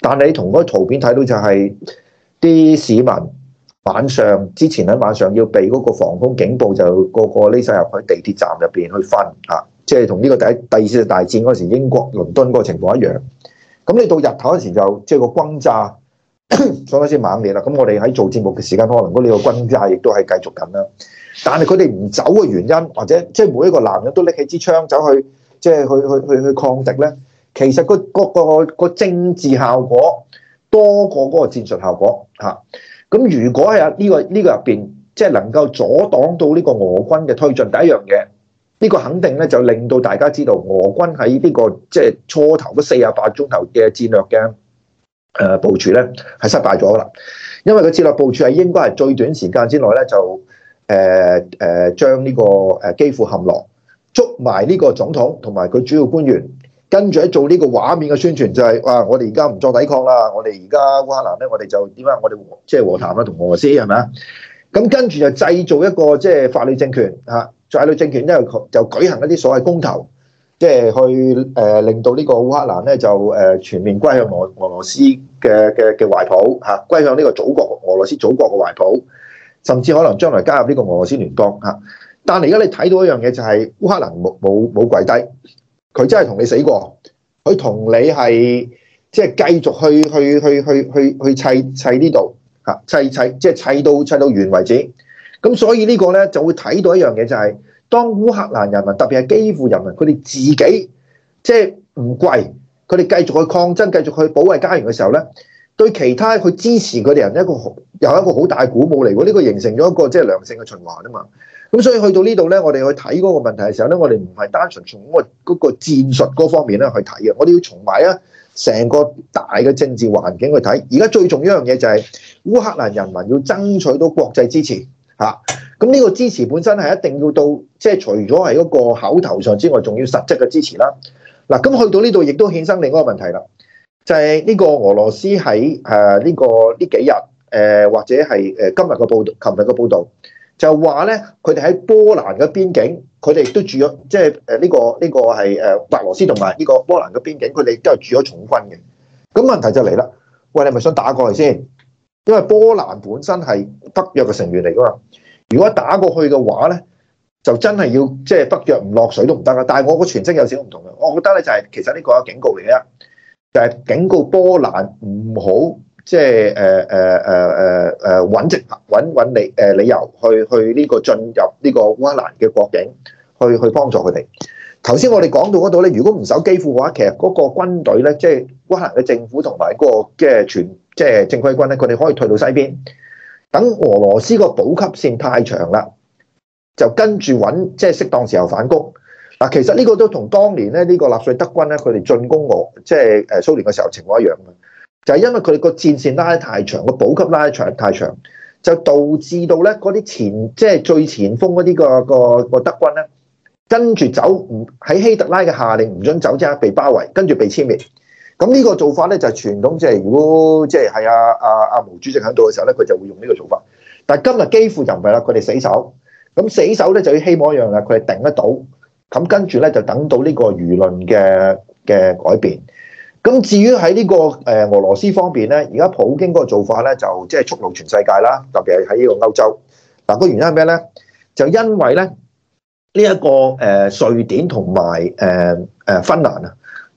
但係你同嗰個圖片睇到就係啲市民。晚上之前喺晚上要避嗰個防空警報，就個個匿晒入去地鐵站入邊去瞓啊！即係同呢個第一第二次大戰嗰時候英國倫敦嗰個情況一樣。咁你到日頭嗰時候就即係個轟炸，講多先猛烈啦。咁我哋喺做節目嘅時間，可能嗰個轟炸亦都係繼續緊啦。但係佢哋唔走嘅原因，或者即係每一個男人都拎起支槍走去，即係去去去去抗敵咧，其實、嗰個、嗰個政治效果多過嗰個戰術效果吓。咁如果喺啊呢個呢個入邊，即、就、係、是、能夠阻擋到呢個俄軍嘅推進，第一樣嘢呢、這個肯定咧就令到大家知道俄軍喺呢、這個即係、就是、初頭嗰四啊八鐘頭嘅戰略嘅誒部署咧係失敗咗啦，因為個戰略部署係應該係最短時間之內咧就誒誒、呃呃、將呢個誒基輔陷落，捉埋呢個總統同埋佢主要官員。跟住喺做呢個畫面嘅宣傳就係、是、啊我哋而家唔作抵抗啦，我哋而家烏克蘭咧，我哋就點解我哋即係和談啦，同俄羅斯係咪啊？咁跟住就製造一個即係、就是、法理政權嚇，法律政權之後就舉行一啲所謂公投，即、就、係、是、去、呃、令到呢個烏克蘭咧就、呃、全面歸向俄俄羅斯嘅嘅嘅懷抱、啊、歸向呢個祖國俄羅斯祖國嘅懷抱，甚至可能將來加入呢個俄羅斯聯邦、啊、但係而家你睇到一樣嘢就係烏克蘭冇冇冇跪低。佢真係同你死過，佢同你係即係繼續去去去去去去砌砌呢度嚇砌砌，即係砌到砌到完為止。咁所以呢個咧就會睇到一樣嘢，就係當烏克蘭人民特別係基輔人民佢哋自己即係唔跪，佢哋繼續去抗爭、繼續去保衞家園嘅時候咧，對其他去支持佢哋人有一個又一個好大嘅鼓舞嚟。如果呢個形成咗一個即係良性嘅循環啊嘛～咁所以去到呢度咧，我哋去睇嗰個問題嘅時候咧，我哋唔係單純從嗰個嗰個戰術嗰方面咧去睇嘅，我哋要從埋啊成個大嘅政治環境去睇。而家最重要一樣嘢就係烏克蘭人民要爭取到國際支持吓，咁呢個支持本身係一定要到即係除咗係嗰個口頭上之外，仲要實質嘅支持啦。嗱，咁去到呢度亦都衍生另一個問題啦，就係呢個俄羅斯喺誒呢個呢幾日誒或者係誒今日嘅報道、琴日嘅報道。就話咧，佢哋喺波蘭嘅邊境，佢哋都住咗，即係誒呢個呢、呢個係誒白羅斯同埋呢個波蘭嘅邊境，佢哋都係住咗重軍嘅。咁問題就嚟啦，喂，你係咪想打過去先？因為波蘭本身係北約嘅成員嚟㗎嘛。如果打過去嘅話咧，就真係要即係、就是、北約唔落水都唔得啦。但係我個全聲有少少唔同嘅，我覺得咧就係、是、其實呢個有警告嚟嘅，就係、是、警告波蘭唔好。即係誒誒誒誒誒揾藉揾揾理誒理由去去呢個進入呢個烏克蘭嘅國境去去幫助佢哋。頭先我哋講到嗰度咧，如果唔守基輔嘅話，其實嗰個軍隊咧，即係烏克蘭嘅政府同埋個即係全即係正規軍咧，佢哋可以退到西邊，等俄羅斯個補給線太長啦，就跟住揾即係適當時候反攻。嗱，其實呢個都同當年咧呢個納粹德軍咧佢哋進攻俄即係誒蘇聯嘅時候情況一樣啊！就係、是、因為佢哋個戰線拉得太長，個補給拉得太長，就導致到咧嗰啲前即係、就是、最前鋒嗰啲個個個德軍咧，跟住走唔喺希特拉嘅下令唔准走之下，被包圍，跟住被殲滅。咁呢個做法咧就傳、是、統，即係如果即係係阿阿阿毛主席喺度嘅時候咧，佢就會用呢個做法。但係今日幾乎就唔係啦，佢哋死守。咁死守咧就要希望一樣嘅，佢哋頂得到。咁跟住咧就等到呢個輿論嘅嘅改變。咁至於喺呢個誒俄羅斯方面咧，而家普京嗰個做法咧，就即係觸怒全世界啦，特別係喺呢個歐洲。嗱，個原因係咩咧？就因為咧呢一個誒瑞典同埋誒誒芬蘭啊，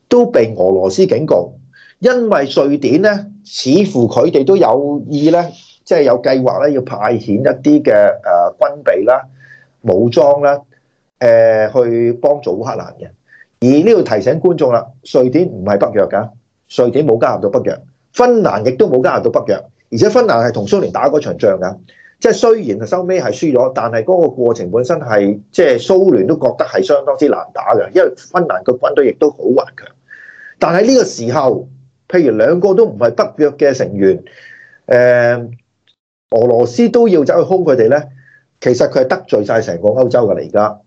都被俄羅斯警告，因為瑞典咧似乎佢哋都有意咧，即係有計劃咧要派遣一啲嘅誒軍備啦、武裝啦，誒去幫助烏克蘭嘅。而呢度提醒觀眾啦，瑞典唔係北約嘅，瑞典冇加入到北約。芬蘭亦都冇加入到北約，而且芬蘭係同蘇聯打嗰場仗㗎，即係雖然收尾係輸咗，但係嗰個過程本身係即係蘇聯都覺得係相當之難打嘅，因為芬蘭個軍隊亦都好頑強。但係呢個時候，譬如兩個都唔係北約嘅成員，誒、呃，俄羅斯都要走去兇佢哋呢，其實佢係得罪晒成個歐洲㗎啦而家。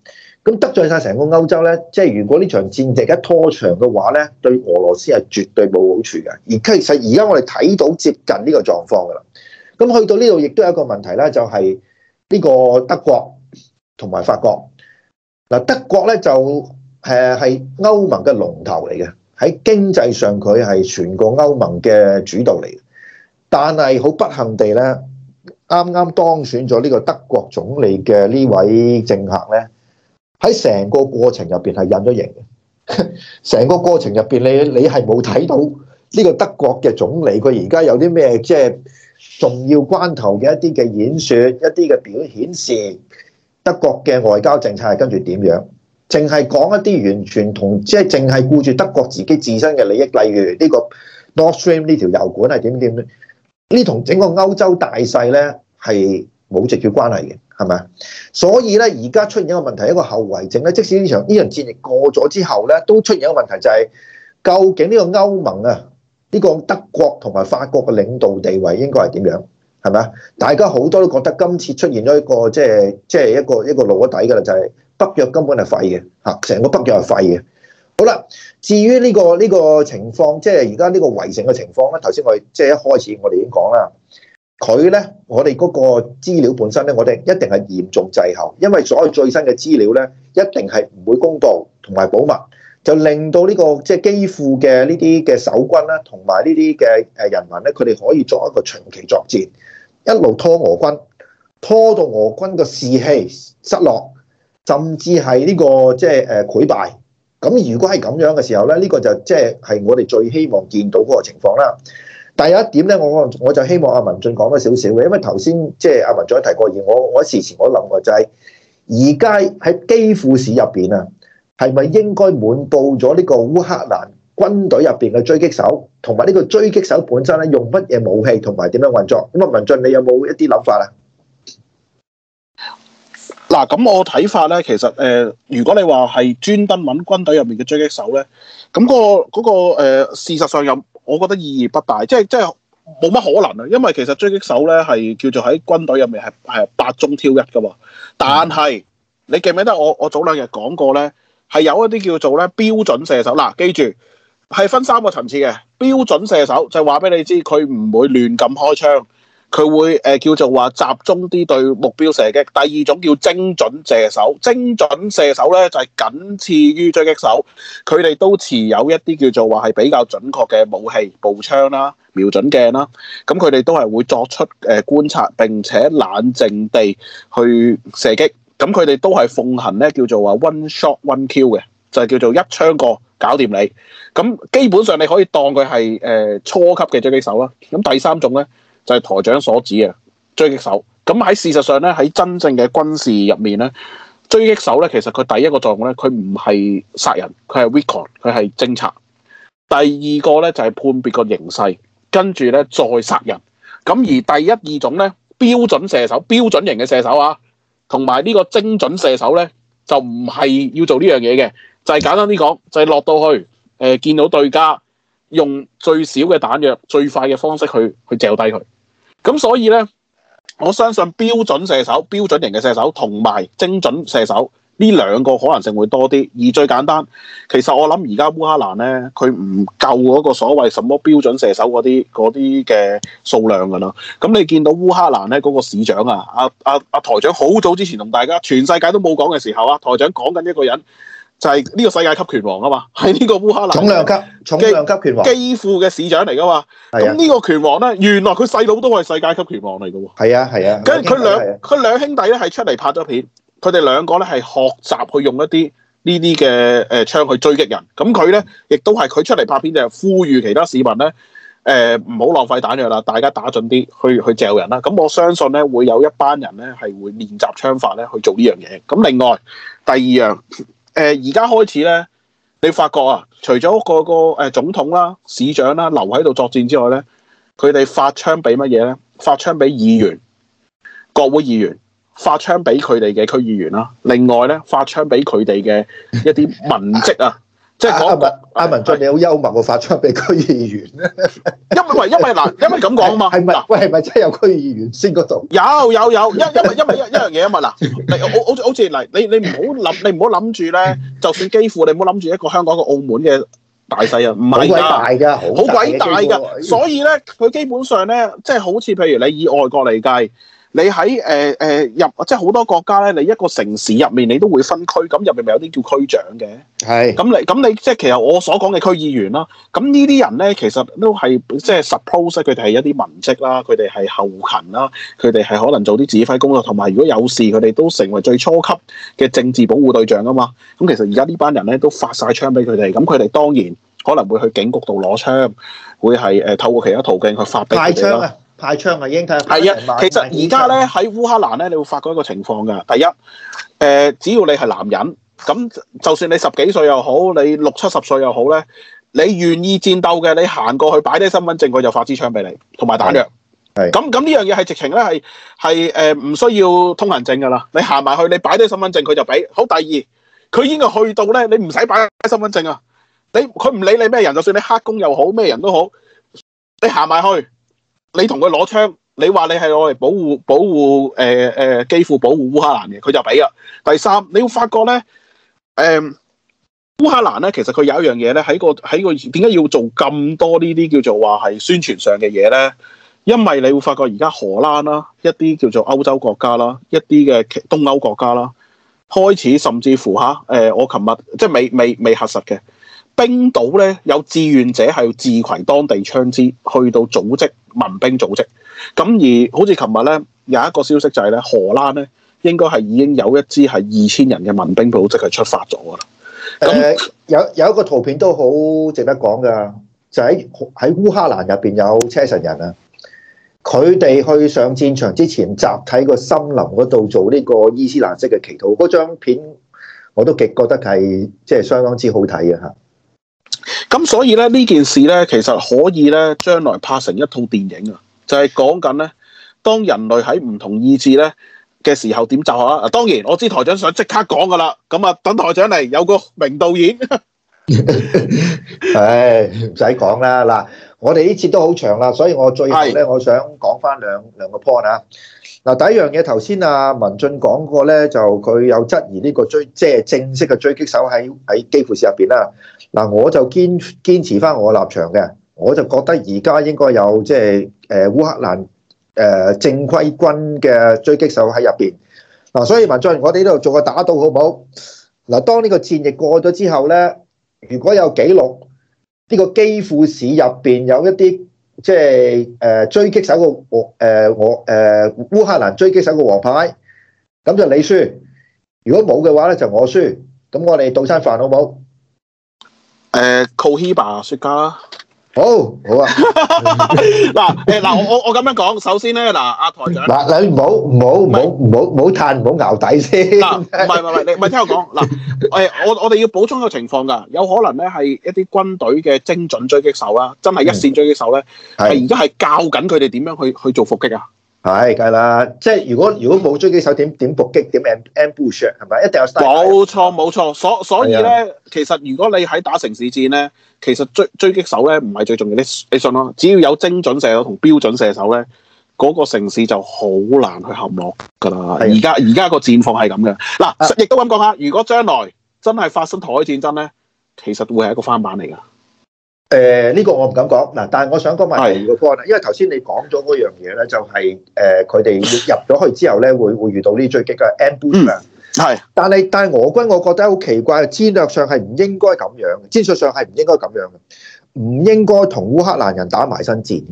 咁得罪晒成個歐洲咧，即係如果呢場戰爭一拖長嘅話咧，對俄羅斯係絕對冇好處嘅。而其實而家我哋睇到接近呢個狀況噶啦。咁去到呢度亦都有一個問題咧，就係、是、呢個德國同埋法國。嗱，德國咧就誒、是、係歐盟嘅龍頭嚟嘅，喺經濟上佢係全個歐盟嘅主導嚟嘅。但係好不幸地咧，啱啱當選咗呢個德國總理嘅呢位政客咧，喺成個過程入邊係隱咗形嘅，成個過程入邊你你係冇睇到呢個德國嘅總理佢而家有啲咩即係重要關頭嘅一啲嘅演説，一啲嘅表現，顯示德國嘅外交政策係跟住點樣？淨係講一啲完全同即係淨係顧住德國自己自身嘅利益，例如呢個 North Stream 呢條油管係點點呢？呢同整個歐洲大勢呢係冇直接關係嘅。係咪所以咧，而家出現一個問題，一個後遺症咧，即使呢場呢場戰役過咗之後咧，都出現一個問題，就係究竟呢個歐盟啊，呢個德國同埋法國嘅領導地位應該係點樣？係咪啊？大家好多都覺得今次出現咗一個即係即係一個一個裸底㗎啦，就係北約根本係廢嘅嚇，成個北約係廢嘅。好啦，至於呢個呢個情況，即係而家呢個圍城嘅情況咧，頭先我即係一開始我哋已經講啦。佢呢，我哋嗰個資料本身呢，我哋一定係嚴重滯後，因為所有最新嘅資料呢，一定係唔會公道同埋保密，就令到呢個即係基輔嘅呢啲嘅守軍啦，同埋呢啲嘅誒人民呢，佢哋可以作一個長期作戰，一路拖俄軍，拖到俄軍嘅士氣失落，甚至係呢個即係誒潰敗，咁如果係咁樣嘅時候呢，呢個就即係係我哋最希望見到嗰個情況啦。第一點咧，我我就希望阿文進講多少少嘅，因為頭先即係阿文進提過而我我事前我都諗嘅就係、是，而家喺基輔市入邊啊，係咪應該滿布咗呢個烏克蘭軍隊入邊嘅狙擊手，同埋呢個狙擊手本身咧用乜嘢武器同埋點樣運作？咁啊，文進你有冇一啲諗法啊？嗱，咁我睇法咧，其實誒、呃，如果你話係專登揾軍隊入面嘅狙擊手咧，咁、那個嗰、那個、呃、事實上有。我覺得意義不大，即係即係冇乜可能啊，因為其實狙擊手咧係叫做喺軍隊入面係係八中挑一噶喎。但係你記唔記得我我早兩日講過咧，係有一啲叫做咧標準射手嗱，記住係分三個層次嘅標準射手，就係話俾你知佢唔會亂咁開槍。佢會、呃、叫做話集中啲對目標射擊。第二種叫精準射手，精準射手呢就係、是、僅次於狙擊手，佢哋都持有一啲叫做話係比較準確嘅武器步槍啦、啊、瞄準鏡啦、啊。咁佢哋都係會作出誒、呃、觀察並且冷靜地去射擊。咁佢哋都係奉行呢叫做話 one shot one kill 嘅，就係、是、叫做一槍過搞掂你。咁基本上你可以當佢係、呃、初級嘅狙擊手啦。咁第三種呢。就係、是、台長所指嘅狙擊手。咁喺事實上咧，喺真正嘅軍事入面咧，狙擊手咧其實佢第一個作用咧，佢唔係殺人，佢係 recon，佢係偵察。第二個咧就係、是、判別個形勢，跟住咧再殺人。咁而第一二種咧，標準射手、標準型嘅射手啊，同埋呢個精準射手咧，就唔係要做呢樣嘢嘅。就係、是、簡單啲講，就係落到去誒、呃、見到對家用最少嘅彈藥、最快嘅方式去去釣低佢。咁所以呢，我相信標準射手、標準型嘅射手同埋精準射手呢兩個可能性會多啲。而最簡單，其實我諗而家烏克蘭呢，佢唔夠嗰個所謂什麼標準射手嗰啲嗰啲嘅數量噶啦。咁你見到烏克蘭呢嗰、嗰個市長啊，阿、啊啊、台長好早之前同大家全世界都冇講嘅時候啊，台長講緊一個人。就係、是、呢個世界級拳王啊嘛，係呢個烏克蘭重量級重量級拳王基輔嘅市長嚟噶嘛。咁呢個拳王咧，原來佢細佬都係世界級拳王嚟噶喎。係啊，係啊。跟住佢兩佢兩兄弟咧係出嚟拍咗片，佢哋兩個咧係學習去用一啲呢啲嘅誒槍去追擊人。咁佢咧亦都係佢出嚟拍片就係呼籲其他市民咧誒唔好浪費彈藥啦，大家打準啲去去掄人啦。咁我相信咧會有一班人咧係會練習槍法咧去做呢樣嘢。咁另外第二樣。誒而家開始咧，你發覺啊，除咗個個誒總統啦、啊、市長啦、啊、留喺度作戰之外咧，佢哋發槍俾乜嘢咧？發槍俾議員、國會議員，發槍俾佢哋嘅區議員啦、啊。另外咧，發槍俾佢哋嘅一啲文職啊。 即係講阿、啊、文，阿文最近好幽默喎，發出俾區議員咧。因為因為嗱，因為咁講啊嘛，係咪？喂，係咪真係有區議員先嗰度？有有有，因因為因為一一樣嘢啊嘛嗱，我好似好似嗱，你你唔好諗，你唔好諗住咧，就算幾乎你唔好諗住一個香港嘅、澳門嘅大細啊，唔係鬼大㗎，好鬼大㗎，所以咧，佢基本上咧，即係好似譬如你以外國嚟計。你喺誒誒入，即係好多國家咧，你一個城市入面，你都會分區，咁入面咪有啲叫區長嘅。係。咁你咁你即係其實我所講嘅區議員啦，咁呢啲人咧，其實都係即係 suppose 佢哋係一啲文職啦，佢哋係後勤啦，佢哋係可能做啲指揮工作，同埋如果有事，佢哋都成為最初級嘅政治保護對象啊嘛。咁其實而家呢班人咧都發晒槍俾佢哋，咁佢哋當然可能會去警局度攞槍，會係誒、呃、透過其他途徑去發俾佢哋啦。派槍係已經睇，第一。其實而家咧喺烏克蘭咧，你會發覺一個情況㗎。第一，誒、呃，只要你係男人，咁就算你十幾歲又好，你六七十歲又好咧，你願意戰鬥嘅，你行過去擺低身份證，佢就發支槍俾你，同埋彈藥。係咁咁呢樣嘢係直情咧，係係誒，唔、呃、需要通行證㗎啦。你行埋去，你擺低身份證，佢就俾。好，第二，佢已經去到咧，你唔使擺身份證啊。不你佢唔理你咩人，就算你黑工又好，咩人都好，你行埋去。你同佢攞槍，你話你係我嚟保護保護誒誒，基、呃、輔保護烏克蘭嘅，佢就俾啦。第三，你會發覺咧，誒、呃，烏克蘭咧，其實佢有一樣嘢咧，喺個喺個點解要做咁多呢啲叫做話係宣傳上嘅嘢咧？因為你會發覺而家荷蘭啦，一啲叫做歐洲國家啦，一啲嘅東歐國家啦，開始甚至乎吓誒、呃，我琴日即係未未未核實嘅。冰島咧有志願者係要自攜當地槍支去到組織民兵組織，咁而好似琴日咧有一個消息就係、是、咧荷蘭咧應該係已經有一支係二千人嘅民兵組織係出發咗噶啦。咁、呃、有有一個圖片都好值得講噶，就喺、是、喺烏克蘭入邊有車臣人啊，佢哋去上戰場之前集體個森林嗰度做呢個伊斯蘭式嘅祈禱，嗰張片我都極覺得係即係相當之好睇嘅嚇。咁所以咧呢件事咧，其實可以咧將來拍成一套電影啊，就係講緊咧，當人類喺唔同意志咧嘅時候點就啊！當然我知台長想即刻講噶啦，咁啊等台長嚟有個名導演，唉唔使講啦嗱，我哋呢次都好長啦，所以我最後咧我想講翻兩兩個 point 啊。嗱，第一樣嘢，頭先阿文進講過咧，就佢有質疑呢個追，即係正式嘅狙擊手喺喺基輔市入邊啦。嗱，我就堅堅持翻我立場嘅，我就覺得而家應該有即係誒烏克蘭誒正規軍嘅狙擊手喺入邊。嗱，所以文進，我哋呢度做個打賭好唔好？嗱，當呢個戰役過咗之後咧，如果有記錄，呢個基輔市入邊有一啲。即係、呃、追擊手個黃我誒烏克蘭追擊手個黃牌，咁就你輸。如果冇嘅話咧，就我輸。咁我哋到餐飯好唔好？誒 Cohiba 雪茄。好，好啊。嗱，誒，嗱，我我我咁樣講，首先咧，嗱，阿台長，嗱，你唔好唔好唔好唔好唔好嘆唔好咬底先。嗱，唔係唔係，你唔係聽我講。嗱，誒，我我哋要補充一個情況噶，有可能咧係一啲軍隊嘅精準狙擊手啦，真係一線狙擊手咧，係而家係教緊佢哋點樣去去做伏擊啊。係，梗啦，即係如果如果冇狙擊手，點點伏擊，點 am ambush 係咪？一定有沒。冇錯冇錯，所以所以咧，其實如果你喺打城市戰咧，其實狙狙擊手咧唔係最重要啲，你信咯？只要有精準射手同標準射手咧，嗰個城市就好難去陷落噶啦。而家而家個戰況係咁嘅。嗱，亦都咁講下，如果將來真係發生台海戰爭咧，其實會係一個翻版嚟噶。誒、呃、呢、這個我唔敢講嗱，但係我想講埋第二個 point 啦，因為頭先你講咗嗰樣嘢咧，就係誒，佢哋入咗去之後咧，會 會遇到呢最激嘅 ambush。嗯，係。但係但係俄軍我覺得好奇怪，戰略上係唔應該咁樣，戰術上係唔應該咁樣嘅，唔應該同烏克蘭人打埋身戰嘅。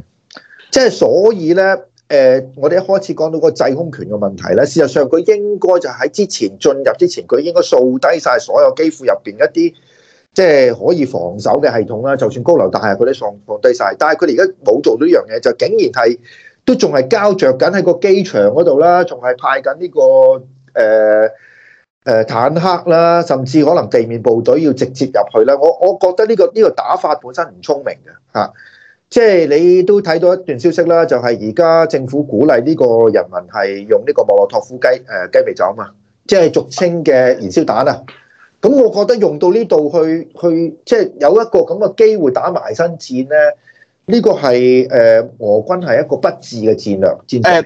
即係所以咧，誒、呃，我哋一開始講到個制空權嘅問題咧，事實上佢應該就喺之前進入之前，佢應該掃低晒所有機庫入邊一啲。即、就、係、是、可以防守嘅系統啦，就算高樓大廈嗰啲放低晒，但係佢哋而家冇做到呢樣嘢，就竟然係都仲係膠着緊喺個機場嗰度啦，仲係派緊、這、呢個誒誒、呃呃、坦克啦，甚至可能地面部隊要直接入去啦。我我覺得呢、這個呢、這個打法本身唔聰明嘅嚇，即、啊、係、就是、你都睇到一段消息啦，就係而家政府鼓勵呢個人民係用呢個莫洛托夫雞誒、啊、雞尾酒啊嘛，即係俗稱嘅燃燒彈啊！咁我覺得用到呢度去，去即係有一個咁嘅機會打埋身戰咧，呢、呢個係誒、呃、俄軍係一個不智嘅戰略戰。誒、呃、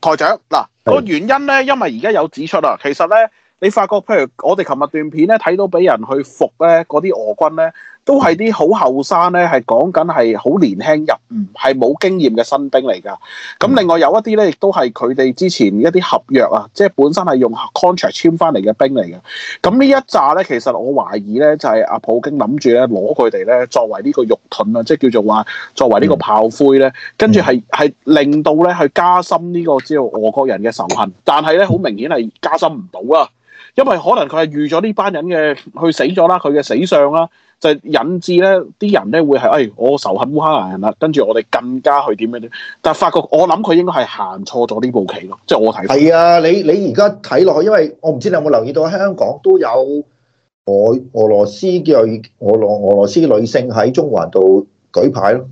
台長嗱、嗰個原因咧，是因為而家有指出啊，其實咧你發覺譬如我哋琴日段片咧睇到俾人去服咧嗰啲俄軍咧。都係啲好後生咧，係講緊係好年輕入伍，係冇經驗嘅新兵嚟㗎。咁另外有一啲咧，亦都係佢哋之前一啲合約啊，即係本身係用 contract 簽翻嚟嘅兵嚟嘅。咁呢一紮咧，其實我懷疑咧，就係、是、阿普京諗住咧攞佢哋咧作為呢個肉盾啊，即係叫做話作為呢個炮灰咧、嗯，跟住係係令到咧去加深呢、這個之後俄國人嘅仇恨。但係咧，好明顯係加深唔到啊，因為可能佢係預咗呢班人嘅去死咗啦，佢嘅死相啦。就引致咧，啲人咧會係，哎，我仇恨烏克蘭人啦，跟住我哋更加去點樣點，但係發覺我諗佢應該係行錯咗呢步棋咯，即係我睇。係啊，你你而家睇落去，因為我唔知你有冇留意到，香港都有俄俄羅斯嘅俄羅俄羅斯女性喺中環度舉牌咯，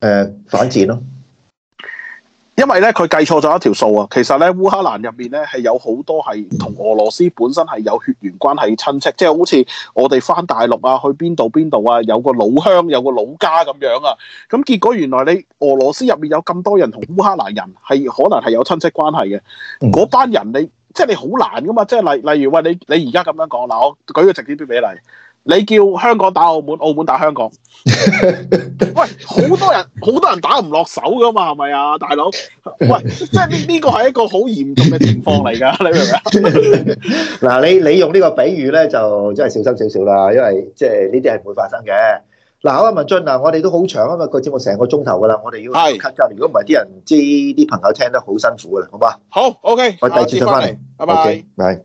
呃，反戰咯，啊。因為咧佢計錯咗一條數啊，其實咧烏克蘭入面咧係有好多係同俄羅斯本身係有血緣關係的親戚，即係好似我哋翻大陸啊，去邊度邊度啊，有個老鄉有個老家咁樣啊，咁結果原來你俄羅斯入面有咁多人同烏克蘭人係可能係有親戚關係嘅，嗰、嗯、班人你即係你好難噶嘛，即係例例如喂你你而家咁樣講嗱，我舉個直接啲比例。你叫香港打澳門，澳門打香港， 喂，好多人，好多人打唔落手噶嘛，係咪啊，大佬？喂，即係呢個係一個好嚴重嘅情況嚟噶，你明唔明？嗱， 你你用呢個比喻咧，就真係小心少少啦，因為即係呢啲係唔會發生嘅。嗱，好阿、啊、文進啊，我哋都好長啊嘛，佢接我成個鐘頭噶啦，我哋要 cut 如果唔係啲人知，知，啲朋友聽得好辛苦噶啦，好嘛？好，OK，我第二轉再翻嚟，拜拜。Okay, bye bye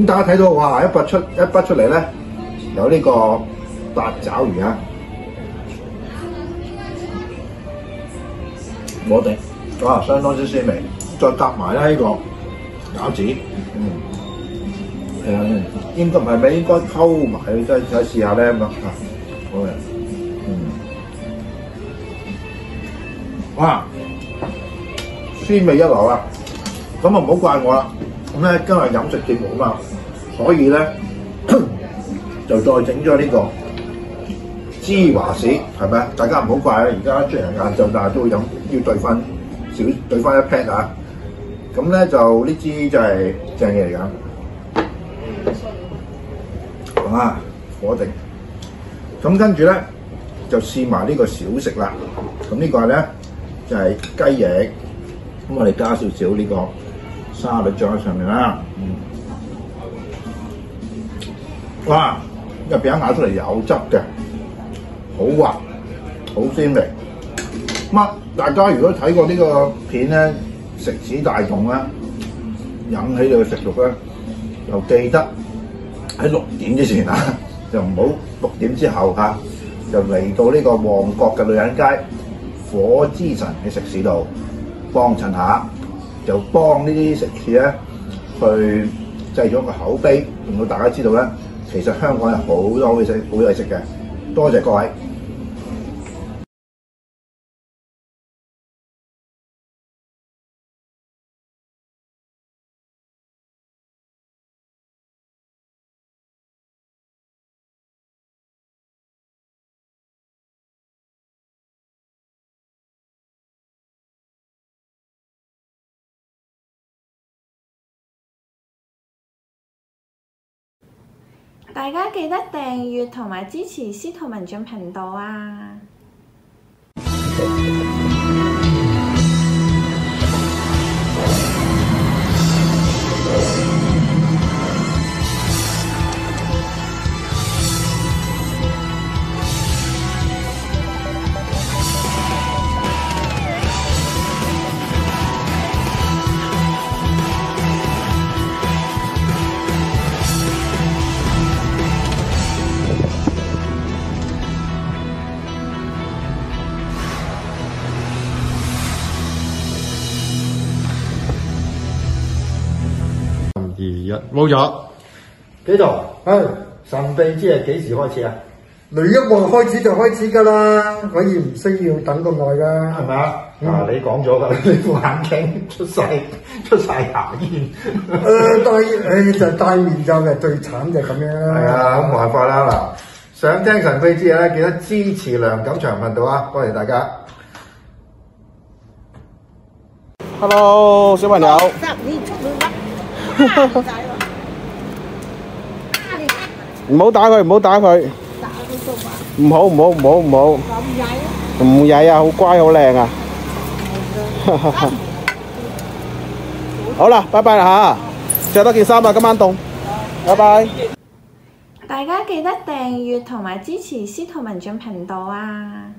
咁大家睇到哇，一筆出來一筆出嚟呢，有呢個八爪魚啊，我、嗯、定，哇，相當之鮮味，再夾埋呢個餃子，嗯，係、嗯、啊、嗯，應該溝埋，佢，再試下呢。咁啊，好嘅，嗯，哇，鮮味一流啊，咁啊唔好怪我啦，咁咧今日飲食節目啊嘛～所以咧就再整咗呢個芝華士，係咪啊？大家唔好怪啊！而家出嚟晏晝，但係都會飲，要兌翻少兌翻一 pat 啊！咁咧就呢支就係正嘢嚟㗎，係啊，火定咁跟住咧就試埋呢個小食啦。咁呢個係咧就係、係、雞翼，咁我哋加少少呢個沙律醬喺上面啦。嗯哇！入餅咬出嚟有汁嘅，好滑，好鮮味。乜大家如果睇過呢個片咧，食肆大動咧，引起你嘅食慾，咧，就記得喺六點之前就唔好，六點之後就嚟到呢個旺角嘅女人街火之神嘅食肆度幫襯下，就幫呢啲食肆咧去製咗個口碑，令到大家知道咧。其實香港有好多好嘢食，好嘢食嘅，多謝各位。大家記得訂閱同埋支持司徒文進頻道啊！冇咗幾度？唉、哎，神秘之夜幾時開始啊？雷一望開始就開始噶啦，可以唔需要等咁耐噶，係咪、嗯、啊？嗱、嗯，你講咗噶，你副眼鏡出晒出晒牙煙。誒、啊，戴 誒、哎、就戴、是、面罩最慘就最慘就咁樣。係啊，咁、嗯、冇辦法啦嗱。想聽神秘之夜咧，記得支持梁錦祥頻道啊！多謝,謝大家。Hello，小朋友。 唔好打佢，唔好打佢，唔好唔好唔好唔好，唔曳啊，好乖好靚啊，好啦，拜拜啦吓，着多件衫啊，今晚凍，拜拜。大家記得訂閱同埋支持司徒文進頻道啊！